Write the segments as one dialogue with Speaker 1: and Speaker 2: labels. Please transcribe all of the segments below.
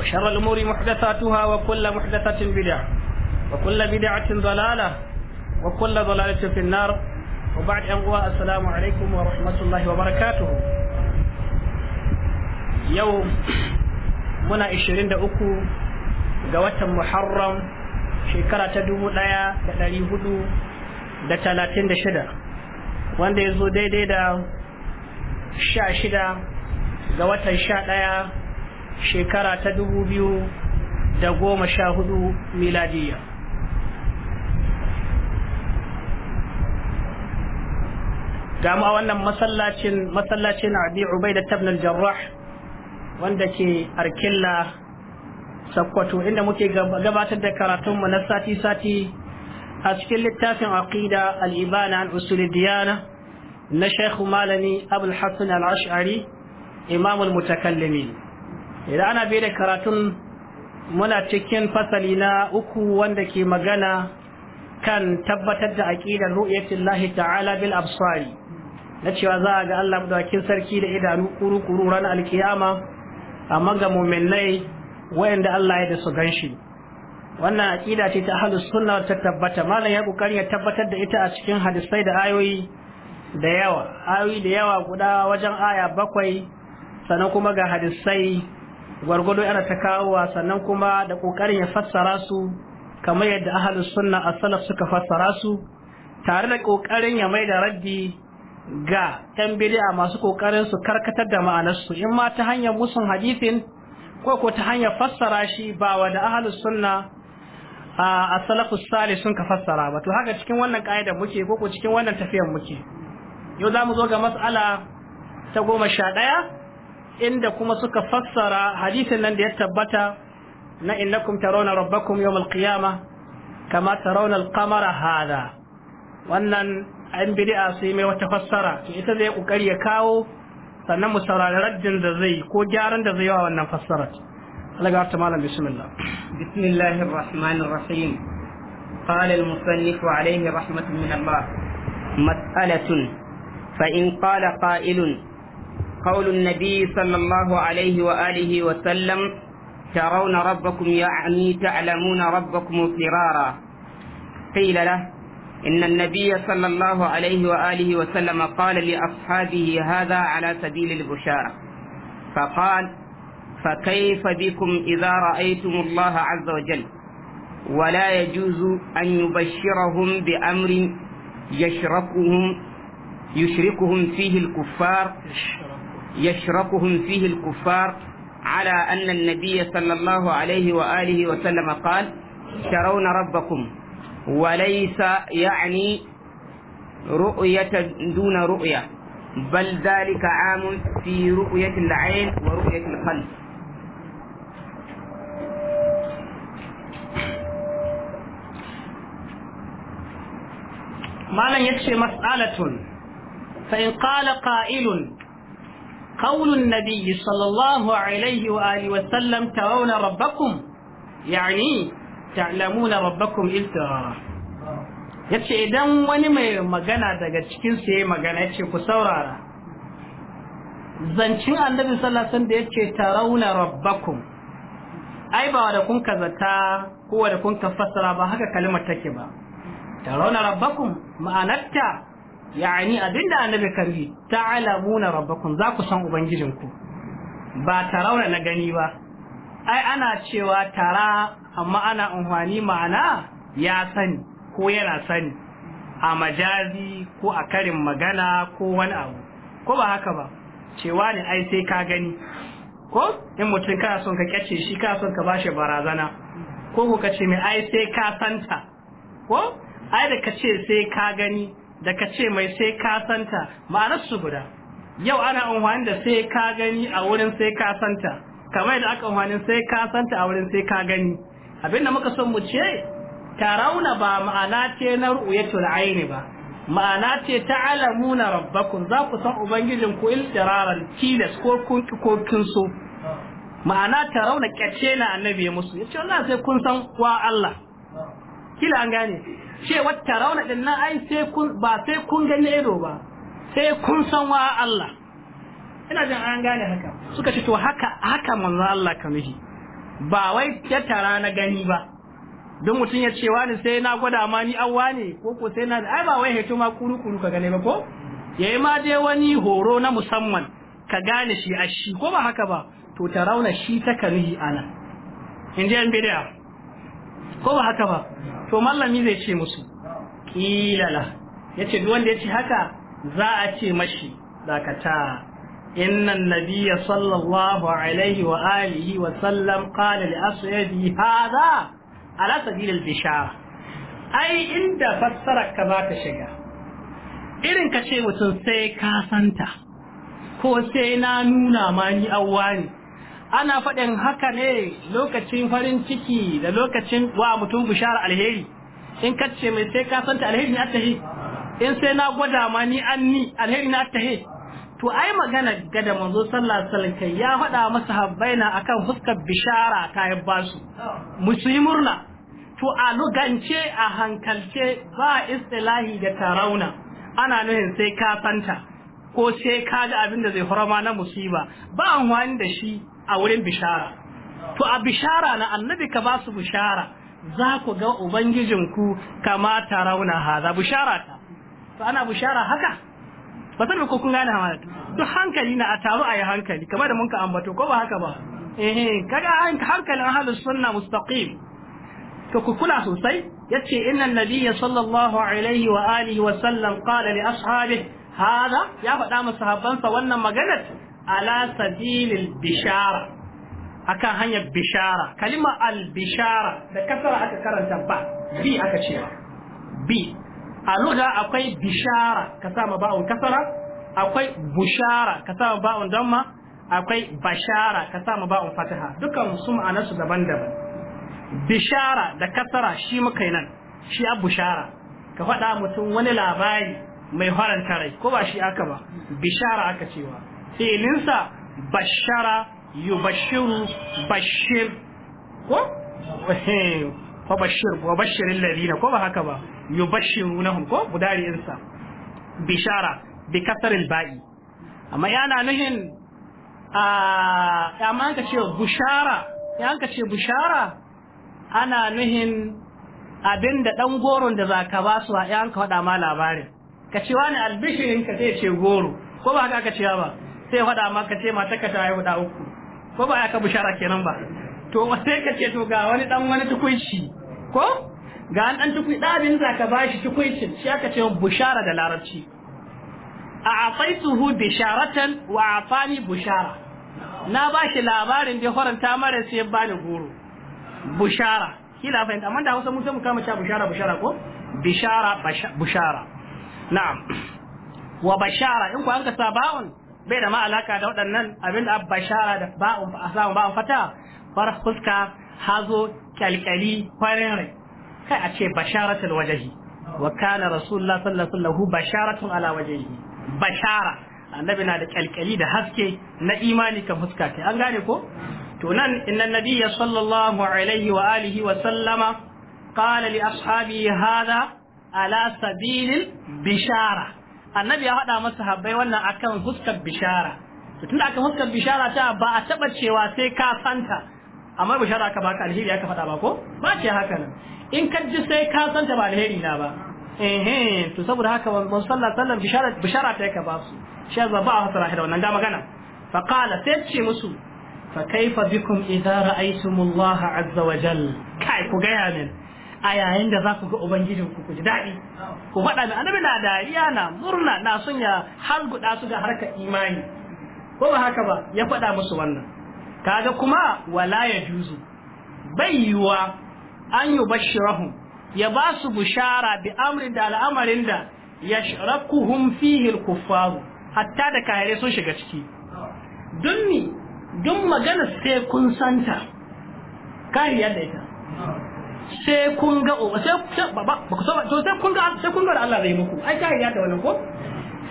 Speaker 1: وشر الأمور محدثاتها وكل محدثة بدعة وكل بدعة ضلالة وكل ضلالة في النار وبعد أنقوى السلام عليكم ورحمة الله وبركاته يوم منا إشرين دأكو قوات محرم شكرا تدوم لها لألي هدو da talatin da shida wanda ya zo daidai da sha shida ga watan sha ɗaya shekara ta dubu biyu da goma sha hudu miladiya gama wannan masallacin masallacin abi ubaida tabn al-jarrah wanda ke arkilla sakkwato inda muke gabatar da karatunmu na sati-sati a cikin littafin aqida al-ibana an usul diyana na shaikhu malami abul hasan al-ash'ari imamul mutakallimin idan ana bai da karatun muna cikin fasali na uku wanda ke magana kan tabbatar da aqidar ru'yatillahi ta'ala bil absari na cewa za a ga Allah dakin sarki da idanu kuru kuru ran alkiyama amma ga mu'minai wayanda Allah ya da su ganshi wannan aqida ce ta ahlus sunna ta tabbata malam ya kokari ya tabbatar da ita a cikin hadisai da ayoyi da yawa ayoyi da yawa guda wajen aya bakwai sannan kuma ga hadisai gwargwado yana ta kawowa sannan kuma da ƙoƙarin ya fassara su kamar yadda ahalus sunna as-salaf suka fassara su tare da ƙoƙarin ya mai da raddi ga 'yan bid'a masu ƙoƙarin su karkatar da ma'anarsu in ma ta hanyar musun hadisin ko ko ta hanyar fassara shi ba wa da ahalus sunna a salafu salih sun ka fassara ba to haka cikin wannan ka'idar muke ko ko cikin wannan tafiyar muke yau za mu zo ga mas'ala ta goma sha ɗaya inda kuma suka fassara hadisin nan da ya tabbata na innakum tarawna rabbakum yawmal qiyamah kama tarawna al-qamara hada wannan an bid'a sai mai wata fassara to ita zai kokari ya kawo sannan mu saurari raddin da zai ko gyaran da zai yi wa wannan
Speaker 2: fassarar Allah ga ta malam bismillah bismillahir rahmanir rahim qala al-musannif alayhi rahmatun min Allah mas'alatun fa in قول النبي صلى الله عليه وآله وسلم ترون ربكم يعني تعلمون ربكم فرارا قيل له إن النبي صلى الله عليه وآله وسلم قال لأصحابه هذا على سبيل البشارة فقال فكيف بكم إذا رأيتم الله عز وجل ولا يجوز أن يبشرهم بأمر يشركهم يشركهم فيه الكفار يشركهم فيه الكفار على أن النبي صلى الله عليه وآله وسلم قال ترون ربكم وليس يعني رؤية دون رؤية بل ذلك عام في رؤية العين ورؤية القلب
Speaker 1: ما لن يكشي مسألة فإن قال قائل قول النبي صلى الله عليه وآله وسلم ترون ربكم يعني تعلمون ربكم الترارا yace idan wani mai magana daga cikinsu ya yi magana ya ce ku saurara zancin annabi sallallahu da ya ce yace tarawna rabbakum ai ba da kun kazata ko da kun ka fasara ba haka kalmar take ba tarawna rabbakum ma'anarta yani abinda annabi karbi ta'lamuna rabbakum za ku san ubangijinku ba tarauna na gani ba ai ana cewa tara amma ana amfani ma'ana ya sani ko yana sani a majazi ko a karin magana ko wani abu ko ba haka ba cewa ne ai sai ka gani ko in mutum ka son ka kyace shi ka son ka bashi barazana ko ko ka ce mai ai sai ka santa ko ai da ka ce sai ka gani da ka ce mai sai ka santa ma'anar su guda yau ana amfani da sai ka gani a wurin sai ka santa kamar yadda aka amfani sai ka santa a wurin sai ka gani abinda muka son mu ce tarauna ba ma'ana ce na ru'yatul aini ba ma'ana ce ta alamuna rabbakum za ku san ubangijin ku iltiraran tilas ko kun ko kun so ma'ana tarauna kyace na annabi musu yace wallahi sai kun san wa Allah kila an gane ce wata rauna din na ai sai kun ba sai kun gani ido ba sai kun san wa Allah ina jin an gane haka suka ce to haka haka manzo Allah ka mihi ba wai ta tara na gani ba don mutum ya ce wani sai na gwada ma ni awwa ne ko ko sai na ai ba wai hetu ma kuru kuru ka gane ba ko yayi ma dai wani horo na musamman ka gane shi a shi ko ba haka ba to ta rauna shi ta kanihi ana in ji yan bidiya ko ba haka ba to mallami zai ce musu kilala yace duwanda ya yace haka za a ce mashi dakata innan Nabiya sallallahu alaihi wa alihi wa sallam qala li ashabi hadha ala sabil bishara ai inda fassarar ka za ta shiga irin ka ce mutum sai ka santa ko sai na nuna ma ni awwani ana faɗin haka ne lokacin farin ciki da lokacin wa mutum bishara alheri in kace mai sai ka santa alheri na tahi in sai na gwada ma ni an ni alheri na tahi to ai magana ga da manzo sallallahu alaihi wasallam kai ya faɗa masa habbaina akan fuskar bishara yabba su. musu murna to a lugance a hankalce ba istilahi da tarauna ana nuhin sai ka santa ko sai ka ga abin da zai horama na musiba ba amfani da shi a wurin bishara to a bishara na annabi ka ba su bishara za ku ga ubangijinku kama ta rauna haza bishara ta to ana bishara haka ba sani ko kun gane hamada duk hankali na a taru a yi hankali kamar da mun ka ambato ko ba haka ba eh, eh kaga hankalin ahlus sunna mustaqim to ku kula sosai yace innan nabiyya sallallahu alaihi wa alihi wa sallam qala li ashabihi hada ya faɗa masa sahabbansa wannan maganar ala sabilil bishara akan hanyar bishara kalima al bishara da kasara aka karanta ba bi aka ce bi a akwai bishara ka sama ba'un kasara akwai bushara ka sama ba'un damma akwai bashara ka sama ba'un fataha dukan su ma'anarsu daban-daban bishara da kasara shi muka nan shi a bushara ka faɗa mutum wani labari mai haranta rai ko ba shi aka ba bishara aka cewa filinsa bashara bashiru bashir ko ko bashir ko bashirin ladina ko ba haka ba yubashirunahum ko budari bishara bi kasaril ba'i amma yana nuhin a amma ka ce bushara ya ce bushara ana nuhin abinda dan ɗan goron da za ka ba su a ‘yan ka faɗa ma labarin ka ce wani albishirin ka zai ce goro ko ba haka aka ce ba sai faɗa ka ce mata ka ta guda uku ko ba ka bishara kenan ba to sai ka ce to ga wani dan wani tukunci ko ga an dan tukunci ɗabin za ka ba shi tukuncin shi aka ce bushara da larabci a afaituhu bisharatan wa afani bushara na ba shi labarin da faranta mara sai ba ni goro bishara kila fahimta amma da hausa mu kama cha bushara bushara ko bishara bushara na'am wa bashara in ku an ka sabawun bai da ma alaka da waɗannan abin abba shara da ba'un asamu ba'un fata farar fuska hazo kyalkyali kwarin rai kai a ce basharatul wajahi wa kana rasulullah sallallahu alaihi wasallam basharatun ala wajahi bashara annabi na da kyalkyali da haske na imani kan fuska kai an gane ko to nan inna nabiyya sallallahu alaihi wa alihi wa sallama qala li ashabi hadha ala sabilil bishara annabi ya faɗa masa habbai wannan akan huskar bishara to tunda akan huskar bishara ta ba a taɓa cewa sai ka santa amma bishara aka baka alheri aka faɗa ba ko ba ce haka nan in ka ji sai ka santa ba alheri na ba to saboda haka manzon sallallahu alaihi wasallam bishara ta yaka ba su shi ba a hasara da wannan ga magana fa qala sai ce musu fa kaifa bikum idan ra'aytumullaha azza wa jal kai ku ga min. a yayin da za ku ga ubangijin ku ji daɗi ku faɗa mai annabi na dariya na murna na sun ya har su ga harka imani ko ba haka ba ya faɗa musu wannan kaga kuma wala ya juzu bai yiwa an yi ya ba su bushara bi amrin da al'amarin da ya shirakuhum fihil kuffaru hatta da kayare sun shiga ciki Dunni, ni magana sai kun santa kariya da ita sai kun ga sai ba ku so ba to sai kun ga sai kun ga da Allah zai muku ai kai ya ta wannan ko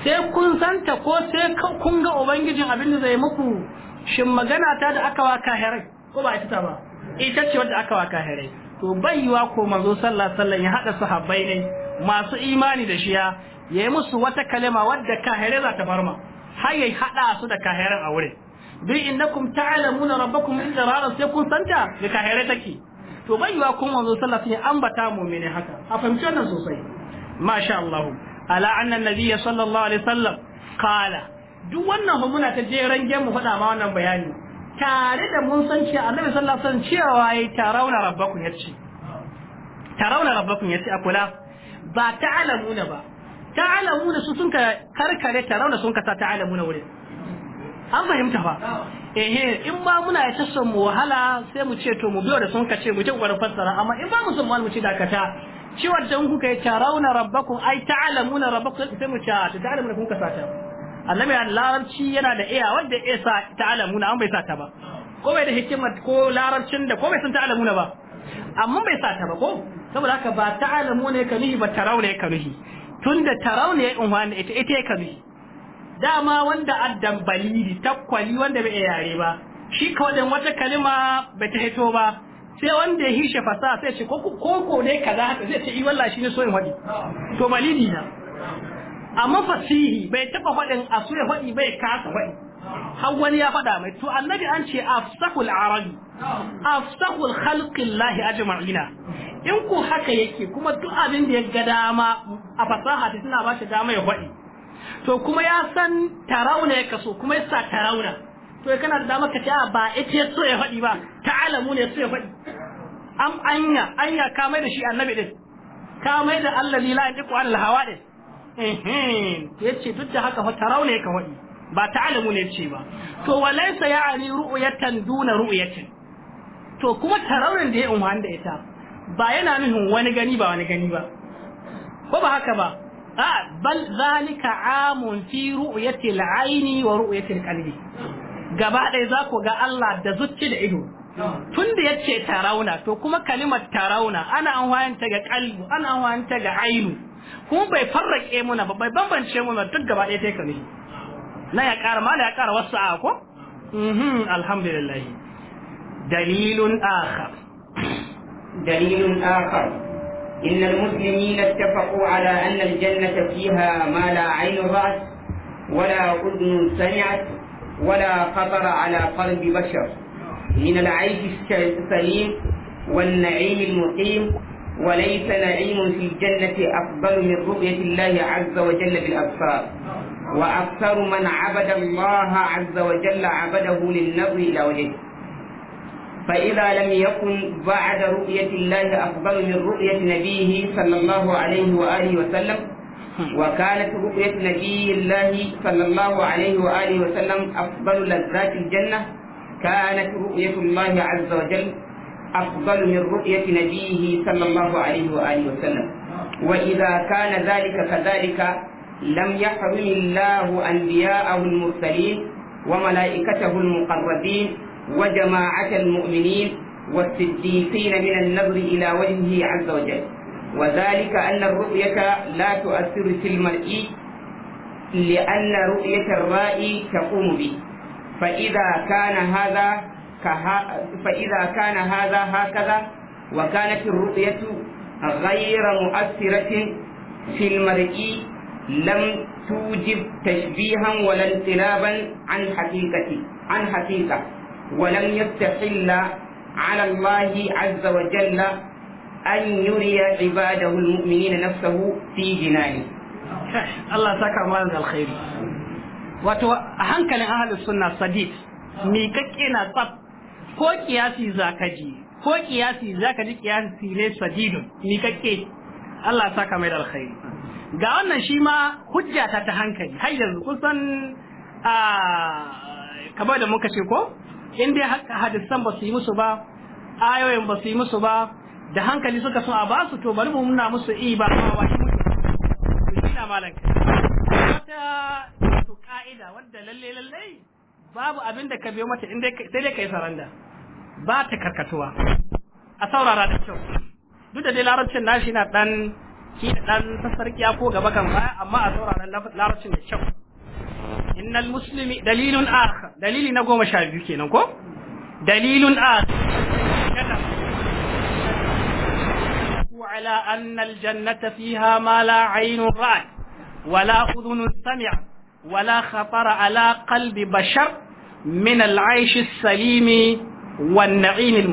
Speaker 1: sai kun santa ko sai kun ga ubangijin abin da zai muku shin magana ta da aka waka herai ko ba ita ta ba ita ce wadda aka waka herai to baiwa ko manzo sallallahu alaihi wasallam ya hada sahabbai ne masu imani da shiya yayi musu wata kalima wadda kahere za ta farma har yayi hada su da kaheren a wurin bi innakum ta'lamuna rabbakum inda ranar sai kun santa da kahere take to bai yiwa kun manzo sallallahu alaihi wasallam ambata mu'mini haka a fahimci wannan sosai masha Allah ala anna annabiyya sallallahu alaihi wasallam qala duk wannan fa muna ta jeran gen mu faɗa ma wannan bayani tare da mun san cewa annabi sallallahu alaihi wasallam cewa yayi tarawna rabbakum yace tarawna rabbakum yace akula ba ta'lamuna ba ta'lamuna su sun karkare tarawna sun ka sa ta'lamuna wurin an fahimta ba ehe in ba muna ya tasa mu wahala sai mu ce to mu biyo da sun ce mu ce gwar fassara amma in ba mu son mu ce dakata ciwon dan ku yi tarauna rabbakum ai ta'lamuna rabbakum sai mu ce ta ta'lamuna kun sata annabi larabci yana da iya wanda ya sa ta'lamuna an bai sata ba ko bai da hikimar ko larabcin da ko bai san ta'lamuna ba amma bai sata ba ko saboda haka ba ta'lamuna ya kanuhi ba tarauna ya kanuhi tunda tarauna ya unwani ita ita ya kanuhi dama wanda addan ta takwali wanda bai yare ba shi kawadan wata kalima bai ta hito ba sai wanda ya hishe fasa sai ce koko ne kaza haka zai ce iwalla eh, shi ne soyin wadi to balidi na amma fasihi bai taba fadin asu fadi bai kasa fadi har wani ya fada mai to annabi an ce afsahul arabi afsahul khalqillahi ajma'ina in ku haka yake kuma duk abin da ya ga dama a fasaha tana ba shi dama ya fadi to kuma ya san tarauna ya kaso kuma ya sa tarauna to ya kana da dama ka ce ah, ba ita so ya faɗi ba ta'alamu ne so ya faɗi am anya anya ka mai da shi annabi din ka mai da Allah la ku an hawa din eh yace duk da haka fa tarauna ya ka faɗi ba ta'alamu ne ce ba to walaysa ya'ani ru'yatan duna ru'yatin to kuma taraunin da ya umar da ita ba yana nufin wani gani ba wani gani ba ko ba haka ba bal zalika amun fi ru'yati al-aini wa ru'yati al-qalbi gaba ɗaya za ku ga Allah da zucci da ido tun da yace tarauna to kuma kalimar tarauna ana an wayanta ga qalbu ana an wayanta ga aini. kuma bai farrake muna ba bai bambance muna duk gaba ɗaya sai kare na ya ƙara mala ya ƙara wasu a ko mhm alhamdulillah
Speaker 2: dalilun akhar dalilun akhar إن المسلمين اتفقوا على أن الجنة فيها ما لا عين رأت ولا أذن سمعت ولا خطر على قلب بشر من العيش السليم والنعيم المقيم وليس نعيم في الجنة أفضل من رؤية الله عز وجل بالأبصار وأكثر من عبد الله عز وجل عبده للنظر إلى وجهه فإذا لم يكن بعد رؤية الله أفضل من رؤية نبيه صلى الله عليه وآله وسلم وكانت رؤية نبي الله صلى الله عليه وآله وسلم أفضل لذات الجنة كانت رؤية الله عز وجل أفضل من رؤية نبيه صلى الله عليه وآله وسلم وإذا كان ذلك كذلك لم يحرم الله أنبياءه المرسلين وملائكته المقربين وجماعة المؤمنين والصديقين من النظر إلى وجهه عز وجل وذلك أن الرؤية لا تؤثر في المرئي لأن رؤية الرائي تقوم به فإذا كان هذا كها فإذا كان هذا هكذا وكانت الرؤية غير مؤثرة في المرئي لم توجب تشبيها ولا انقلابا عن حقيقة عن حقيقة ولم يستحل على الله عز وجل أن يري عباده المؤمنين نفسه في جنانه الله سكر مال الخير
Speaker 1: wato a hankalin ahalus sunna sadiq miƙaƙƙe na tsaf ko kiyasi zaka ji ko kiyasi zaka ji kiyasi ne sadidun miƙaƙƙe Allah saka mai da alkhairi ga wannan shi ma hujja ta ta hankali har yanzu kusan a kamar da muka ce ko in dai hadisan ba su yi musu ba ayoyin ba su yi musu ba da hankali suka so a ba su to bari mu nuna musu i ba ma wa shi
Speaker 3: mutu ina malan
Speaker 1: wata to ka'ida wanda lalle lalle babu abin da ka biyo mata in dai sai dai kai saranda ba ta karkatuwa a saurara da kyau duk da dai larabcin nashi na dan ki dan sarkiya ko gaba kan ba, amma a saurara larabcin da kyau innal muslimi dalilun na goma sha biyu kenan ko dalilun akhar ala fiha ma la aynun ra'at wala udhunun ala qalbi bashar min al'aish salimi wan na'im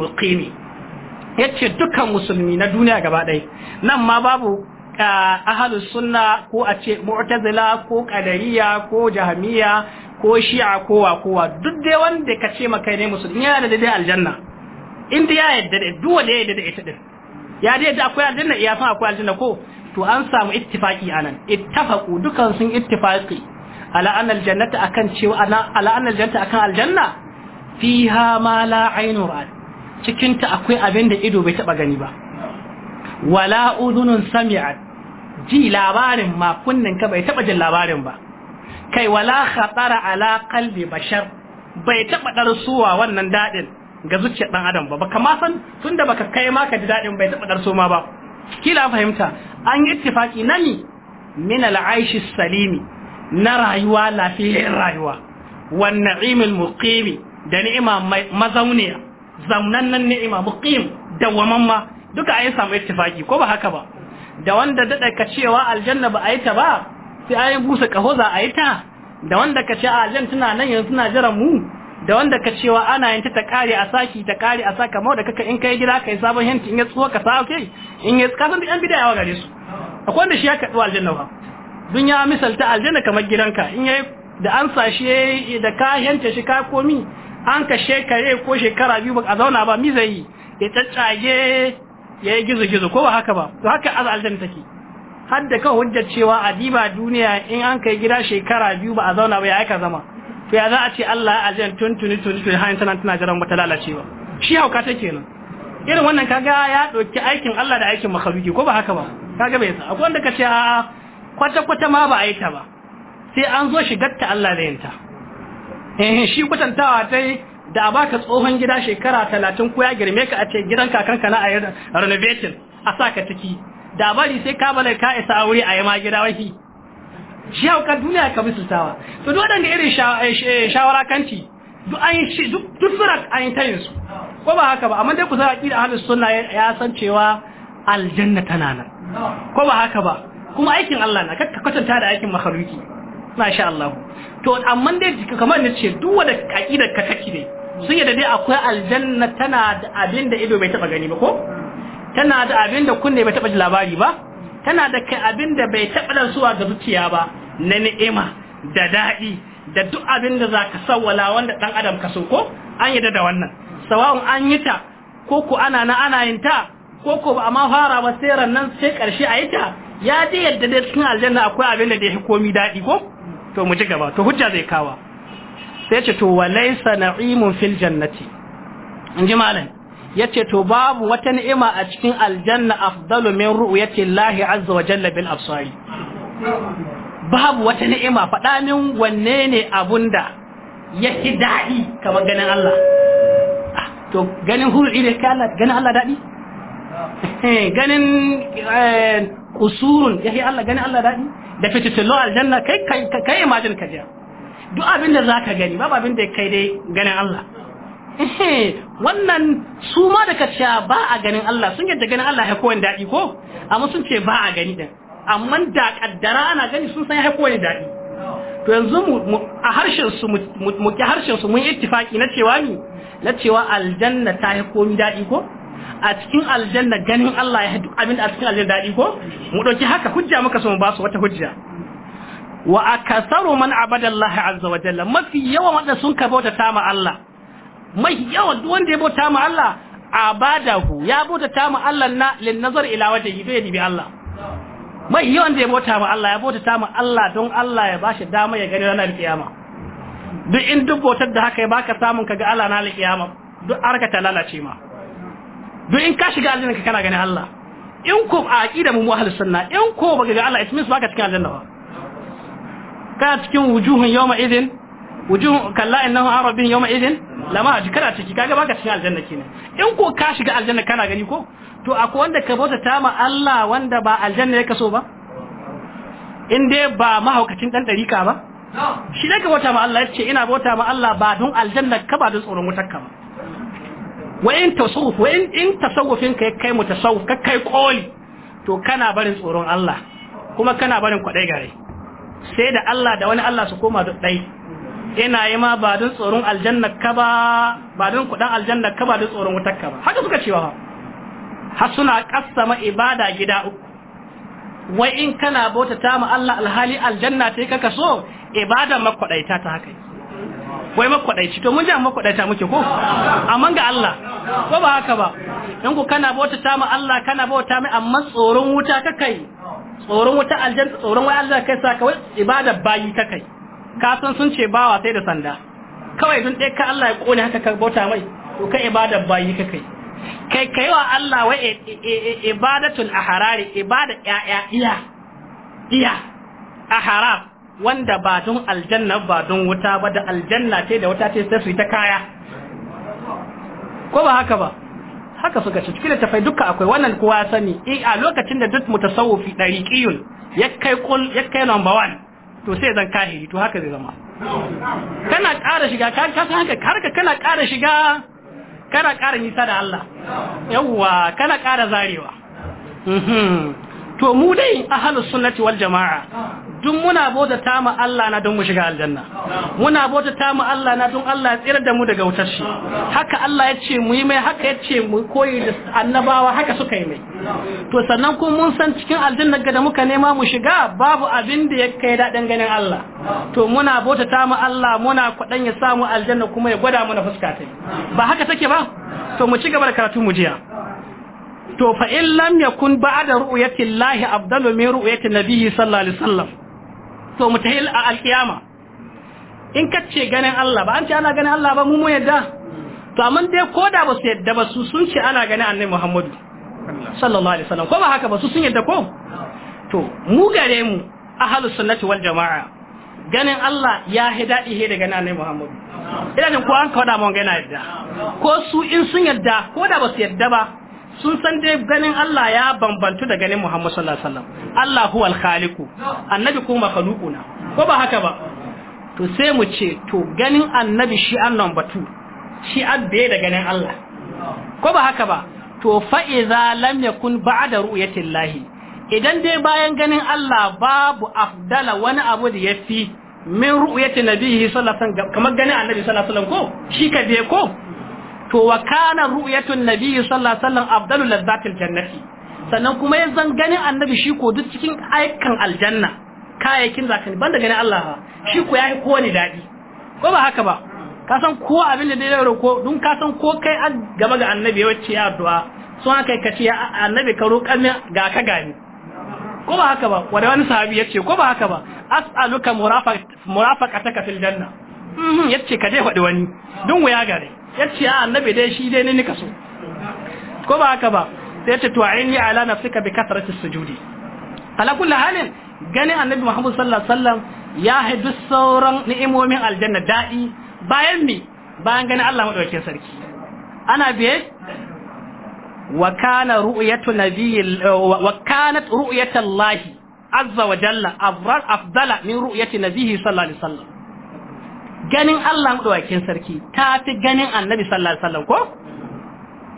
Speaker 1: yace musulmi na duniya gaba ɗaya nan ma babu ahalus sunna ko a ce mu'tazila ko qadariya ko jahmiya ko shi'a kowa kowa duk dai wanda ka ce maka ne musulmi yana da dai aljanna in dai ya yadda da duk da ya yadda da ita din ya dai yadda akwai aljanna ya san akwai aljanna ko to an samu ittifaki anan ittafaqu dukan sun ittifaki ala anna aljannata akan cewa ana ala anna aljannata akan aljanna fiha ma la aynu ra'at cikin ta akwai abin da ido bai taba gani ba wala udhunun sami'at ji labarin ma kunnin ka bai taba jin labarin ba kai wala khatara ala qalbi bashar bai taba darsuwa wannan dadin ga zuciyar dan adam ba baka ma san tunda baka kai ma ka ji dadin bai taba darso ma ba kila fahimta an yi ittifaki nani min al'aishi aishi salimi na rayuwa lafiyar rayuwa wan na'imul muqimi da ni'ima mazauniya zaunan nan ni'ima muqim dawwamamma duka an samu ittifaki ko ba haka ba da wanda daɗa ka cewa aljanna ba a yi ta ba sai an yi busa kaho za a yi ta da wanda ka ce aljanna tana nan yanzu tana jiran mu da wanda ka cewa ana yin ta ta kare a saki ta kare a saka mawa da kaka in kai gida kai sabon hinti in ya tsuwa ka sake in ya tsaka san yan bidaya wa gare su akwai wanda shi ya kaɗu aljanna ba dun ya misalta aljanna kamar gidanka in yayi da an sashe da ka hinta shi ka komi an ka shekare ko shekara biyu ba a zauna ba mi zai ya tsaccage ya yi gizo-gizo ko ba haka ba to haka azaljan take har da kan hujjar cewa a diba duniya in an kai gida shekara biyu ba a zauna ba ya aika zama to ya za a ce Allah aljan tun tuni tuni tuni tana tana jiran wata lalacewa shi hauka ta kenan irin wannan kaga ya ɗauki aikin Allah da aikin makaruki ko ba haka ba kaga bai sa akwai wanda ka ce a kwata-kwata ma ba a yi ta ba sai an zo shigar ta Allah da eh shi kwatantawa ta yi da a baka tsohon gida shekara talatin ko ya girme ka a ce gidan kakanka na a renovation a sa ka ciki da bari sai ka bala ka isa wuri a yi ma gida wahi shi hauka duniya ka sawa. to duk waɗanda irin eh, eh, shawara kanci duk an yi duk surat an yi tayin su ko ba haka ba amma dai ku zara ƙi da ahalus sunna ya san cewa aljanna tana nan ko ba haka ba kuma aikin Allah na ka kwatanta da aikin makhaluki masha Allah to amma dai kamar ni ce duk wanda aqidar ka take ne sun yadda dai akwai aljanna tana da abin da ido bai taba gani ba ko tana da abin da kunne bai taba ji labari ba tana da kai abin da bai taba suwa ga zuciya ba na ni'ima da daɗi da duk abin da zaka sawwala wanda dan adam ka so ko an yadda da wannan sawa'un an yi ta ko ku ana na ana yin ta ko ko ba ma fara ba sai rannan sai karshe a yi ta ya dai yadda dai cikin aljanna akwai abin da dai komi daɗi ko to mu ci gaba to hujja zai kawa sai ce to walaysa na'imun fil jannati in ji malam ce to babu wata ni'ima a cikin aljanna afdalu min ru'yati llahi azza wa jalla bil absari babu wata ni'ima faɗa min wanne ne abunda ya fi daɗi kamar ganin Allah ah, to ganin hurri ne ka Allah ganin Allah daɗi eh, ganin eh, usurun yake Allah ganin Allah daɗi da fititullo aljanna kai kai imajin ka jiya duk abin da za ka gani babu abin da kai dai ganin Allah wannan su ma da ka ba a ganin Allah sun yadda ganin Allah ya kowane daɗi ko amma sun ce ba a gani ɗin amma da kaddara ana gani sun san ya kowane daɗi to yanzu a harshen su mu ki harshen su mun ittifaki na cewa ni na cewa aljanna ta ya kowane daɗi ko a cikin aljanna ganin Allah ya duk abin da a cikin aljanna daɗi ko mu ɗauki haka hujja muka so mu ba su wata hujja wa akasaru man abada Allah azza mafi yawan wanda sun ka bauta ta ma Allah yawan wanda ya bauta ma Allah abadahu ya bauta ta ma na lin nazar yi wajhi bai Allah mai yawan da ya bauta ma Allah ya bauta ta ma Allah don Allah ya bashi dama ya gani ranar kiyama duk in duk bautar da haka ya baka samun ka ga Allah na kiyama duk arka ta lalace ma duk in ka shiga aljanna kana gani Allah in ko a aqida mu ahlus na in ko baka ga Allah ismis baka cikin aljanna ba kana cikin wujuhun yawma idin wujuhun kalla innahu arabin yawma idin lama ji kana ciki kaga baka cikin aljanna kenan in ko ka shiga aljanna kana gani ko to akwai wanda ka bauta ta ma Allah wanda ba aljanna yake so ba in dai ba mahaukacin dan dariƙa ba shi ne ka bauta ma Allah yace ina bauta ma Allah ba don aljanna ka ba don tsoron wutar ka ba wa in tasawuf wa in in tasawufin ka kai mu tasawuf ka kai koli to kana barin tsoron Allah kuma kana barin kwadai gare sai da Allah da wani Allah su koma duk ɗai ina yi ma ba don tsoron aljanna ka ba ba don kudan aljanna ka ba don tsoron wutar ka ba haka suka cewa har suna kassama ibada gida uku wai in kana bauta ta ma Allah alhali aljanna ta yi kaka so ibada makwaɗaita ta haka wai makwaɗaici to mun ji makwaɗaita muke ko amma ga Allah ko ba haka ba in ku kana bauta ta ma Allah kana bauta mai amma tsoron wuta ka kai? tsoron wata aljanna tsoron wai Allah kai saka wai ibada bayi ta kai ka san sun ce bawa sai da sanda kawai tun dai ka Allah ya kone haka ka bauta mai to kai ibada bayi ka kai kai kai wa Allah wai ibadatul ahrari ibada ya iya iya ahrar wanda ba don aljanna ba don wuta ba da aljanna ce da wuta ce sai su ta kaya ko ba haka ba haka suka ce cikin tafai duka akwai wannan kowa sani eh, a lokacin da duk mutasawwifi dariqiyun ya kai kul ya kai number 1 to sai zan kahiri to haka zai zama kana ƙara shiga ka ka san haka harka kana ƙara shiga kana ƙara nisa da Allah yawa kana ƙara zarewa
Speaker 3: mhm.
Speaker 1: to mu dai ahlus sunnati wal jamaa duk muna bautata ma Allah na don mu shiga aljanna muna bautata ma Allah na don Allah ya tsira da mu daga wutar shi haka Allah ya ce mu yi mai haka ya ce mu koyi da annabawa haka suka yi mai to sannan kuma mun san cikin aljanna ga da muka nema mu shiga babu abin da ya kai daɗin ganin Allah to muna bautata ma Allah muna kwaɗan ya samu aljanna kuma ya gwada mana fuska ta ba haka take ba to mu ci gaba da karatu mu jiya to fa in lam yakun ba'da ru'yati Allah afdalu min ru'yati nabiyyi sallallahu alaihi wasallam to mu tahil a alkiyama in ka ce ganin Allah ba an ce ana ganin Allah ba mu mu yadda to amma dai koda ba su yadda ba su sun ce ana ganin annabi Muhammadu sallallahu alaihi wasallam ko ba haka ba su sun yadda ko to mu gare mu ahlus sunnati wal jamaa ganin Allah ya hidadi he da ganin annabi Muhammadu idan ko an kawada mun gaina yadda ko su in sun yadda koda ba su yadda ba sun san dai ganin Allah ya bambantu da ganin Muhammad sallallahu alaihi wasallam Allah al khaliqu annabi kuma makhluquna ko ba haka ba to sai mu ce to ganin annabi shi annon batu shi abbe da ganin Allah ko ba haka ba to fa iza lam yakun ba'da ru'yatillahi idan dai bayan ganin Allah babu afdala wani abu da yafi min ru'yati nabihi sallallahu alaihi wasallam kamar ganin annabi sallallahu alaihi wasallam ko shi ka dai ko to wa kana ru'yatun nabiyyi sallallahu alaihi wasallam afdalul lazzatil jannati sannan kuma ya zan ganin annabi shi ko duk cikin aikan aljanna kayayyakin zakani banda ganin Allah shi ko yayi ko ne dadi ko ba haka ba ka san ko abin da dai ko dun ka san ko kai an gaba ga annabi wacce ya addu'a so haka ka ce annabi ka roƙa min ga ka gani ko ba haka ba wanda wani sahabi yace ko ba haka ba as'aluka murafaqataka fil janna hmm, hmm, yace ka je faɗi wani dun waya gare ya ce a ah, annabi dai shi dai ne nika so ko ba haka ba sai ce to aini ala nafsika bi kasrati sujudi ala kulli halin ganin annabi muhammad sallallahu alaihi wasallam ya haidu sauran ni'imomin aljanna daɗi bayan mi bayan ganin Allah madaukakin sarki ana biye wa kana ru'yatu nabiyyi wa kanat ru'yatu Allah azza wa jalla afdala min ru'yati nabiyyi sallallahu alaihi wasallam ganin Allah madawakin sarki ta fi ganin annabi sallallahu alaihi wasallam ko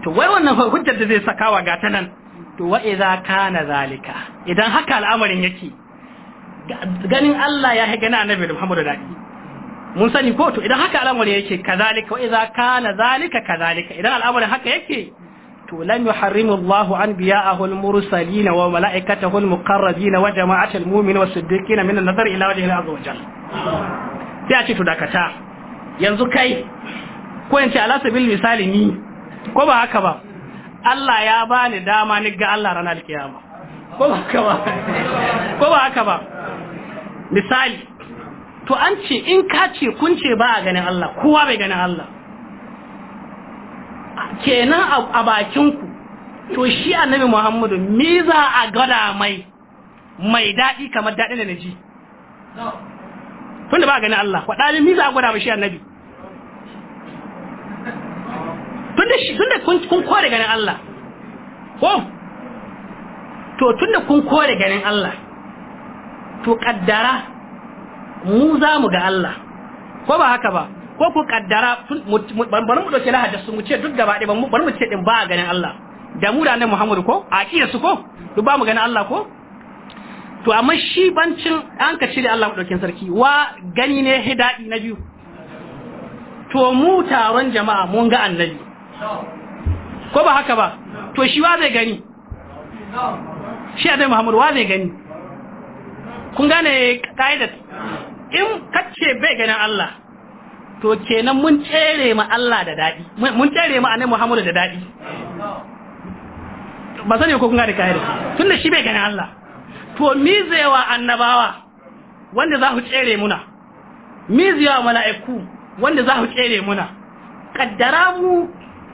Speaker 1: to wai wannan hujjar da zai sakawa ga ta nan to wa idza kana zalika idan haka al'amarin yake ganin Allah ya fi ganin annabi Muhammadu da mun sani ko to idan haka al'amarin yake kazalika wa idza kana zalika kazalika idan al'amarin haka yake to lam yuharrimu Allahu anbiya'ahu al-mursalin wa mala'ikatahu al-muqarrabin wa jama'atul mu'minin was-siddiqin min an-nazar ila wajhihi azza wa
Speaker 3: jalla
Speaker 1: sai a ce to dakata yanzu kai ko yance alasabil misali ni ko ba haka ba Allah ya bani dama ni ga Allah ranar alkiyama ko ba haka ba ko ba haka ba misali to an ce in ka ce kun ce ba a ganin Allah kowa bai ganin Allah kenan a bakin ku to shi annabi Muhammadu me za a gada mai mai daɗi kamar daɗin da naji ji tunda ba ganin Allah kwaɗalin ni za a gwada mashi annabi tunda shi tunda kun kore ganin Allah ko to tunda kun kore ganin Allah to kaddara mu za mu ga Allah ko ba haka ba ko ku kaddara ban mu dauke lahadar su mu ce duk gaba ɗaya ban mu ce din ba ganin Allah da mu da annabi Muhammadu ko a kiyar su ko duk ba mu ganin Allah ko to amma shi bancin an ka cire Allah ɗaukin sarki wa gani ne hidaɗi na biyu to mu taron jama'a mun ga annabi ko ba haka ba to shi wa zai gani shi adai muhammadu wa zai gani kun gane ka'idat in kace bai ganin Allah to kenan mun tsere ma Allah da daɗi mun tsere ma annabi muhammadu da daɗi ba sani ko kun gane ka'idat tunda shi bai ganin Allah to mizewa annabawa wanda za ku tsere muna mizewa mala'iku wanda za ku tsere muna kaddara mu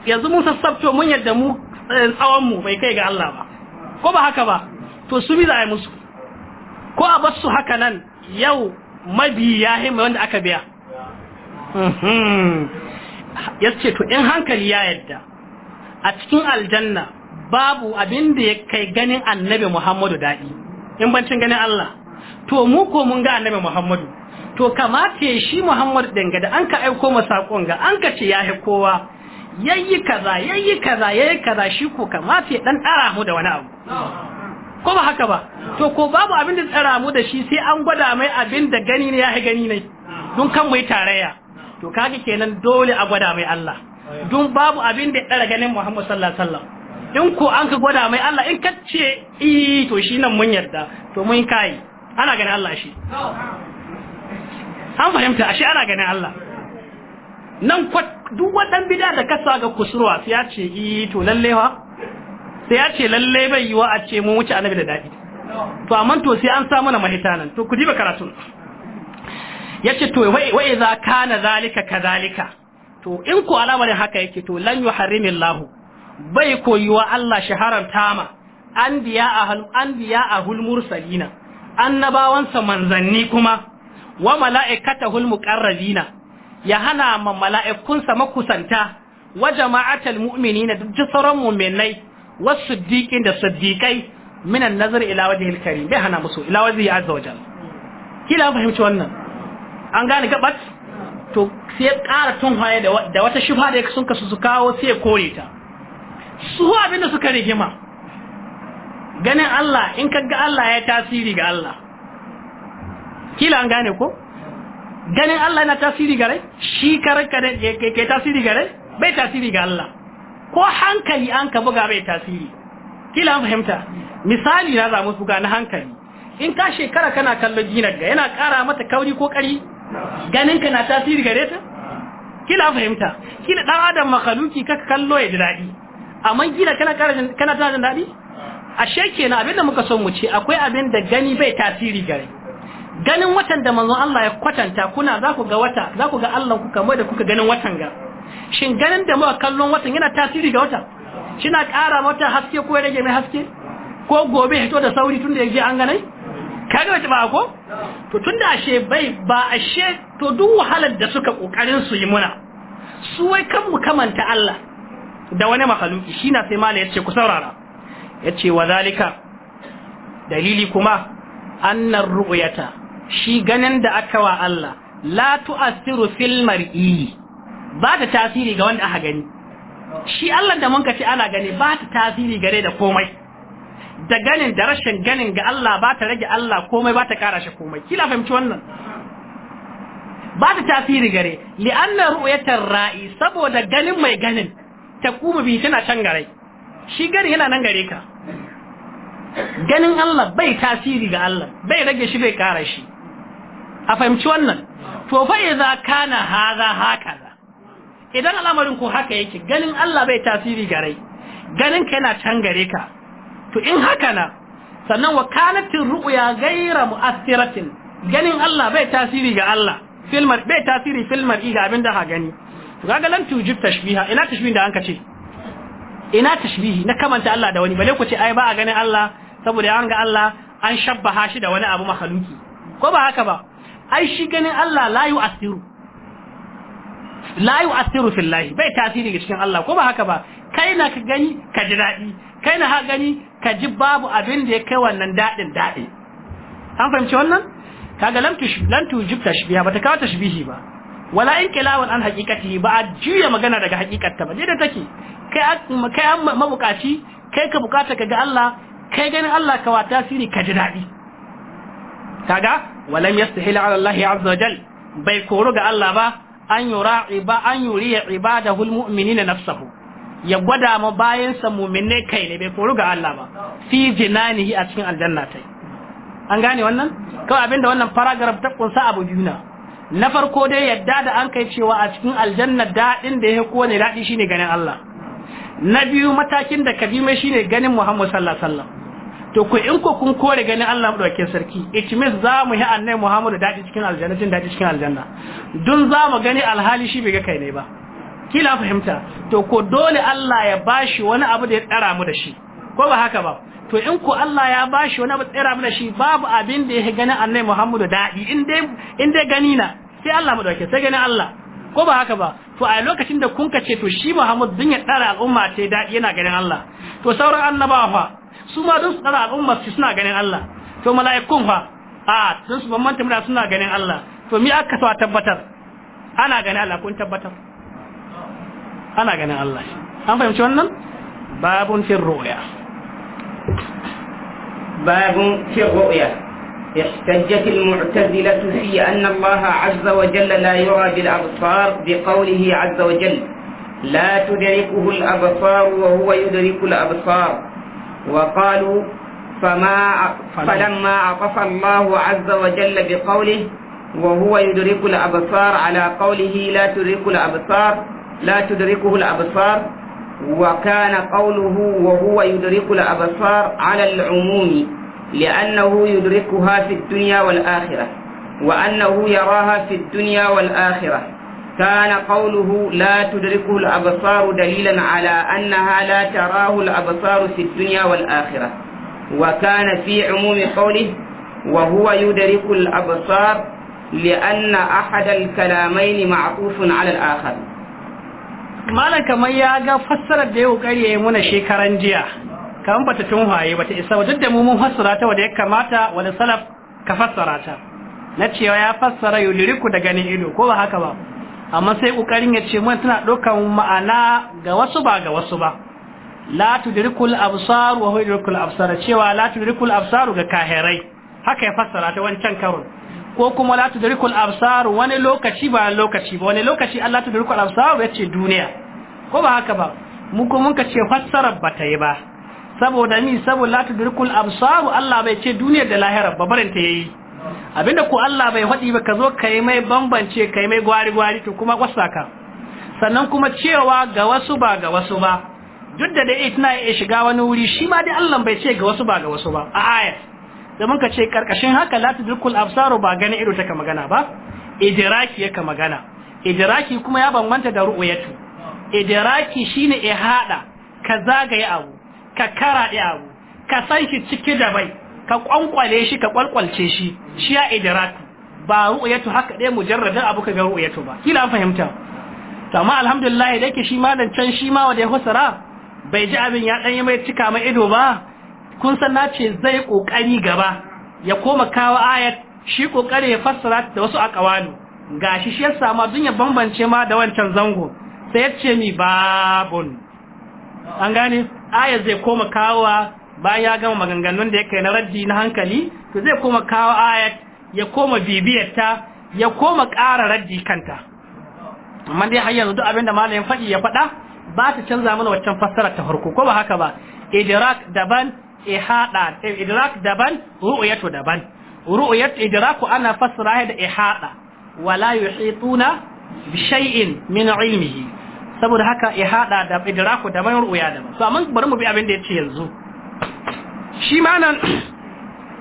Speaker 1: yanzu mun sassabto mun yadda mu eh, tsawon mu bai kai ga Allah ba ko ba haka ba to su miza ai musu ko a basu haka nan yau mabi ya himma wanda aka biya mhm. ya ce to in hankali ya yadda a cikin aljanna babu abin da ya kai ganin annabi Muhammadu daɗi in bancin ganin Allah to mu ko mun ga annabi Muhammadu to kamata shi Muhammadu danga da an ka aiko ma sakon ga an ka ce yahi kowa yayi kaza yayi kaza yayi kaza shi ko kamata dan tsara mu da wani abu ko ba haka ba to ko babu abin da tsara mu da shi sai an gwada mai abin da gani ne yahi gani ne don kan mu tarayya to kage kenan dole a gwada mai Allah don babu abin da ya tsara ganin Muhammad sallallahu alaihi wasallam in ko an ka gwada mai Allah in kace eh to shi nan mun yarda to mun kai ana ganin Allah shi an fahimta ashe ana ganin Allah nan kwat duk wadan bida da kasa ga kusurwa sai ya ce eh to lalle ha sai ya ce lalle bai yiwa a ce mun wuce annabi da dadi to amma to sai an samu na mahita nan to ku diba karatu ce to wai za kana zalika zalika. to in ku alamarin haka yake to lan yuharrimillahu bai koyuwa Allah shaharar tama an biya a hulmursalina annabawansa manzanni kuma wa mala'ikata hulmuƙarrabina ya hana ma mala'ikunsa makusanta wa jama'atal mu'mini na duk sauran mu'minai wasu diƙin da saddiƙai minan nazar ilawaji hilkari bai hana musu ilawaji ya azza wajen kila fahimci wannan an gane gabat to sai ƙara tun da wata shubha da sun kasu su kawo sai ya kore ta su abinda suka rigima ganin Allah in kaga Allah ya tasiri ga Allah kila an gane ko ganin Allah na tasiri gare shi karka da ke tasiri gare bai tasiri ga Allah ko hankali an ka buga bai tasiri kila an fahimta misali na za mu buga na hankali in ka shekara kana kallon jinar ga yana kara mata kauri ko kari ganin ka na tasiri gare ta kila fahimta kila dan adam makhluki kaka kallo ya ji daɗi amma gida kana tana jin daɗi ashe kenan abinda muka son mu ce akwai abin da gani bai tasiri gare ganin watan da manzon Allah ya kwatanta kuna za ku ga wata za ku ga Allah ku kamar da kuka ganin watan ga shin ganin da muka kallon watan yana tasiri ga wata shina ƙara mata haske ko rage mai haske ko gobe hito da sauri tunda yaje an ganai kaga wace ba ko to tunda ashe bai ba ashe to duk wahalar da suka kokarin su yi muna su wai kan mu kamanta Allah da wani makhluki shi na sai mala ce ku saurara Ya ce wa zalika dalili kuma annar ru'uyata shi ganin da aka wa Allah la tu'assiru fil mar'i ba ta tasiri ga wanda aka gani shi Allah da mun ce ana gani ba ta tasiri gare da komai da ganin da rashin ganin ga Allah ba ta rage Allah komai ba ta kara shi komai kila fahimci wannan ba ta tasiri gare li'anna ru'yatar ra'i saboda ganin mai ganin kuma bi tana can gare shi gari yana nan gare ka ganin Allah bai tasiri ga Allah bai rage shi bai kara shi a fahimci wannan to fa idza kana hadha hakaza idan al'amarin ku haka yake ganin Allah bai tasiri gare ganin ka yana can gare ka to in haka na sannan wa kanatir ru'ya ghayra mu'assiratin ganin Allah bai tasiri ga Allah filmar bai tasiri filmar iga abinda ha gani to kaga lan tujib tashbiha ina tashbihin da an ce ina tashbihi na kamanta Allah da wani bale ku ce ai ba a ganin Allah saboda an ga Allah an shabbaha shi da wani abu makhluki ko ba haka ba ai shi ganin Allah la yu'athiru la yu'athiru fillahi bai tasiri ga cikin Allah ko ba haka ba kai na ka gani ka ji dadi kai na ha gani ka ji babu abin da ya kai wannan dadin dadi an fahimci wannan kaga lam tujib tashbiha bata kawo tashbihi ba wala in kilawan an haqiqatihi ba a juya magana daga haqiqatta ba da take kai kai mabukaci kai ka bukata kaga Allah kai ganin Allah ka wa tasiri ka ji dadi kaga walam yastahil ala Allah azza wajal bai koru ga Allah ba an yura iba an yuri ibadahul mu'minina nafsahu ya gwada ma bayan sa mu'minai kai ne bai koro ga Allah ba fi jinanihi a cikin aljanna tai an gane wannan kawai abinda wannan paragraph ta kunsa abu biyu na na farko dai yadda da an kai cewa a cikin aljanna daɗin da ya kone daɗi shine ganin Allah na biyu matakin da ka kadime shine ganin Muhammad sallallahu alaihi wasallam to ku in ko kun kore ganin Allah mu dauke sarki it means za mu yi annai Muhammadu daɗi cikin aljanna jin daɗi cikin aljanna dun za mu gani alhali shi bai ga kai ne ba kila fahimta to ko dole Allah ya bashi wani abu da ya tsara mu da shi ko ba haka ba to in ku Allah ya bashi wani abu tsira da shi babu abin da ya gani annai Muhammadu daɗi in dai gani na sai Allah madauke sai ganin Allah ko ba haka ba to a lokacin da kun kace to shi Muhammad din ya tsara al'umma ce da yana ganin Allah to sauran annaba fa su ma don su tsara al'umma su suna ganin Allah to mala'ikun fa a sun su bambanta muna suna ganin Allah to mi aka sa tabbatar ana ganin Allah kun tabbatar ana ganin Allah an fahimci
Speaker 2: wannan babun fil ru'ya babun fil ru'ya احتجت المعتزلة في أن الله عز وجل لا يرى بالأبصار بقوله عز وجل لا تدركه الأبصار وهو يدرك الأبصار وقالوا فما فلما عطف الله عز وجل بقوله وهو يدرك الأبصار على قوله لا تدرك الأبصار لا تدركه الأبصار وكان قوله وهو يدرك الأبصار على العموم لأنه يدركها في الدنيا والآخرة وأنه يراها في الدنيا والآخرة كان قوله لا تدركه الأبصار دليلا على أنها لا تراه الأبصار في الدنيا والآخرة وكان في عموم قوله وهو يدرك الأبصار لأن أحد الكلامين معطوف على الآخر malam kamar ya ga fassarar da
Speaker 3: ya
Speaker 1: kokari ya yi muna shekaran jiya kan bata tunhaye bata isa ba duk da mu mun fassara ta wanda ya kamata wani salaf ka fassara ta na cewa ya fassara yuliriku da ganin ido ko ba haka ba amma sai kokarin ya ce mun tana dokan ma'ana ga wasu ba ga wasu ba la tudrikul absar wa huwa yudrikul absar cewa la tudrikul absar ga kahirai haka ya fassara ta wancan karon ko kuma la tudrikul absar wani lokaci ba lokaci ba wani lokaci Allah tudrikul absar ya ce duniya ko ba haka ba mu ko mun ka ce fassara ta yi ba saboda ni saboda la dirkul absaru Allah bai ce duniyar da lahira babarinta ta yayi abinda ku Allah bai hadi ba ka zo kai mai bambance kai mai gwari gwari to kuma kwasaka sannan kuma cewa ga wasu ba ga wasu ba duk da dai tana iya shiga wani wuri shi ma dai Allah bai ce ga wasu ba ga wasu ba a Aya, da mun ka ce karkashin haka la dirkul absaru ba gani ido ta ka magana ba idraki ya ka magana idraki kuma ya bambanta da ru'yatu idraki shine ihada ka zagaye abu ka karaɗe abu ka san shi ciki da bai ka kwankwale shi ka kwalkwalce shi shi ya idraku ba ru'uyatu haka ɗaya mujarradin abu ka ga ru'yatu ba kila an fahimta to amma alhamdulillah da yake shi malan can shi ma wanda ya fasara bai ji abin ya dan yi mai cika mai ido ba kun san nace zai kokari gaba ya koma kawo ayat shi kokari ya fassara da wasu a akawalu gashi shi ya samu dun ya bambance ma da wancan zango sai ya ce mi babun an gane ayar zai koma kawowa bayan ya gama maganganun da ya kai na raddi na hankali to zai koma kawo ayar ya koma ta ya koma ƙara raddi kanta amma dai har yanzu duk da malamin faɗi ya faɗa ba ta canza mana waccan fassara ta farko ko ba haka ba idrak daban ihada idrak daban ru'yatu daban ru'yatu idraku ana fassara da ihada wala yuhituna bi shay'in min ilmihi saboda haka ya hada da idraku da mayar uya da amma bari mu bi abin da yace yanzu shi ma nan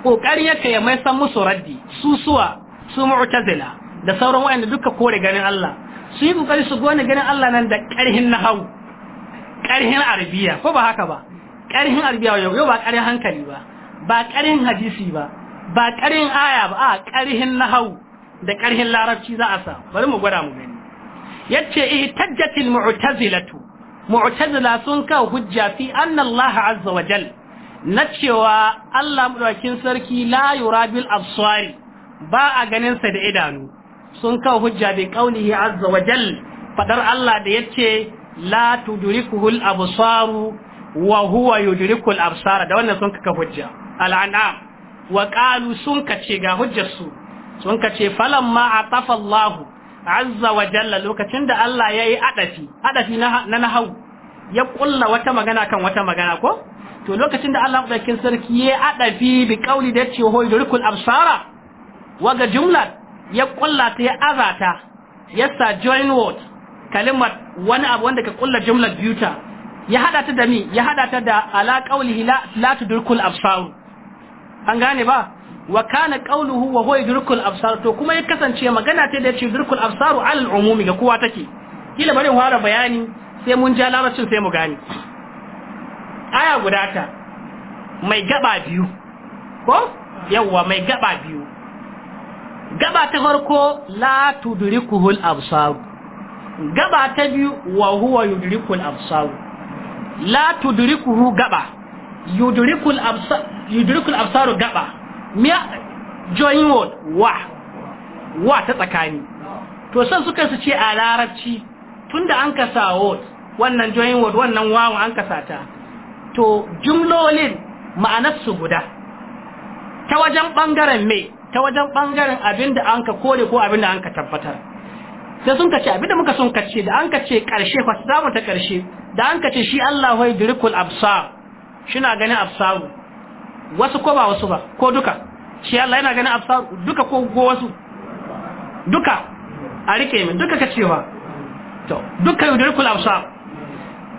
Speaker 1: kokari yake ya mai san musu raddi su suwa su mu'tazila da sauran wayanda duka kore ganin Allah su yi kokari su gone ganin Allah nan da karhin nahau
Speaker 3: karhin arabiya
Speaker 1: ko ba haka ba karhin arabiya yau ba karhin hankali ba ba karhin hadisi ba ba karhin aya ba a karhin nahau da karhin larabci za a sa bari mu gwada mu gani yace ihtajjatil mu'tazilatu mu'tazila sun kawo hujja fi anna Allah azza wa jal na cewa Allah mudaukin sarki la yurabil absari ba a ganin sa da idanu sun kawo hujja bi qaulihi azza wa jal fadar Allah da yace la tudrikuhu al absaru wa huwa yudriku al absara da wannan sun kawo hujja al'an'am wa qalu sun kace ga hujjar su sun kace falamma atafa Allah azza wa jalla lokacin da Allah ya yi adafi adafi na nahau ya kulla wata magana kan wata magana ko to lokacin da Allah madaukakin sarki ya adafi bi kauli da ce da yurkul absara waga jumla ya kulla ta ya azata ya sa join word kalimar wani abu wanda ka kulla jumla biyuta ya hada ta da mi ya hada ta da ala qaulihi la la absar an gane ba wa kana qawluhu wa huwa yudrikul absar to kuma ya kasance magana ta da ya ce yudrikul absaru alal umumi ga kowa take kila bari fara bayani sai mun ja larabcin sai mu gane aya guda ta mai gaba biyu ko yawwa mai gaba biyu gaba ta farko la tudrikuhul absar gaba ta biyu wa huwa yudrikul absar la tudrikuhu gaba yudrikul absar yudrikul absaru gaba join word wa wa ta tsakani to san suka su ce a larabci tunda an kasa word wannan join word wannan wawan an kasa ta to jumlolin ma'anar su guda ta wajen bangaren me ta wajen bangaren abinda an ka kore ko abinda an ka tabbatar sai sun kace abinda muka sun kace da an kace karshe fa samu ta karshe da an kace shi Allah wai dirikul absar shina ganin absaru wasu ko ba wasu ba ko duka shi Allah yana ganin absar duka ko go wasu duka a rike min duka ka cewa to duka yudrikul absar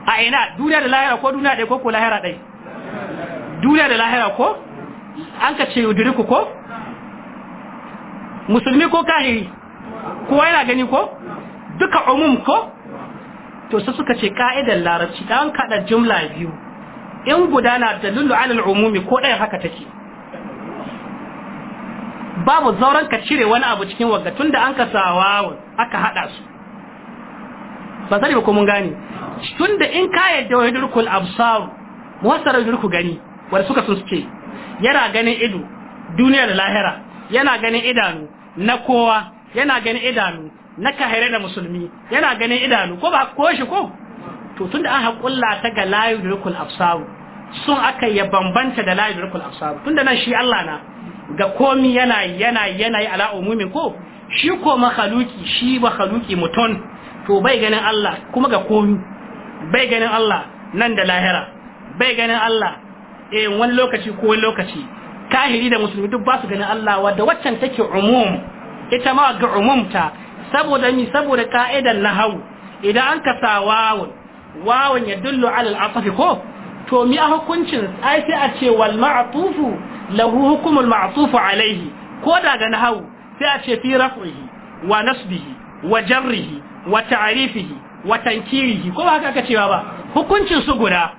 Speaker 1: a ina duniya da lahira ko duniya ɗaya ko ko lahira dai duniya da lahira ko an ka ce yudriku ko musulmi ko kahiri ko yana gani ko duka umum ko to sai suka ce ka'idar larabci dan kada jumla biyu in gudana da lullu alal umumi ko ɗaya haka take babu zauren ka cire wani abu cikin wagga tunda an ka sawa aka haɗa su ba zari ba ko mun gane tunda in ka yadda wa yadurkul absar muwassar yadurku gani wanda suka sun suke yana ganin ido duniya da lahira yana ganin idanu na kowa yana ganin idanu na kahire da musulmi yana ganin idanu ko ba ko shi ko to tunda aka kulla ta ga da rukul absar sun aka ya bambanta da la yudrikul tunda nan shi Allah na ga komi yana yana yana ala umumin ko shi ko makhaluki shi makhaluki mutum to bai ganin Allah kuma ga komi bai ganin Allah nan da lahira bai ganin Allah eh wani lokaci ko wani lokaci kahiri da musulmi duk ba su ganin Allah da waccan take umum ita ma ga umumta saboda ni saboda ka'idar nahawu idan an ka sawawun wawan ya dullu alal asafi ko to mi a hukuncin ai sai a ce wal ma'tufu lahu ma'tufu alaihi ko daga nahawu sai a ce fi raf'ihi wa nasbihi wa jarrihi wa ta'rifihi wa tankirihi ko ba haka aka cewa ba hukuncin su guda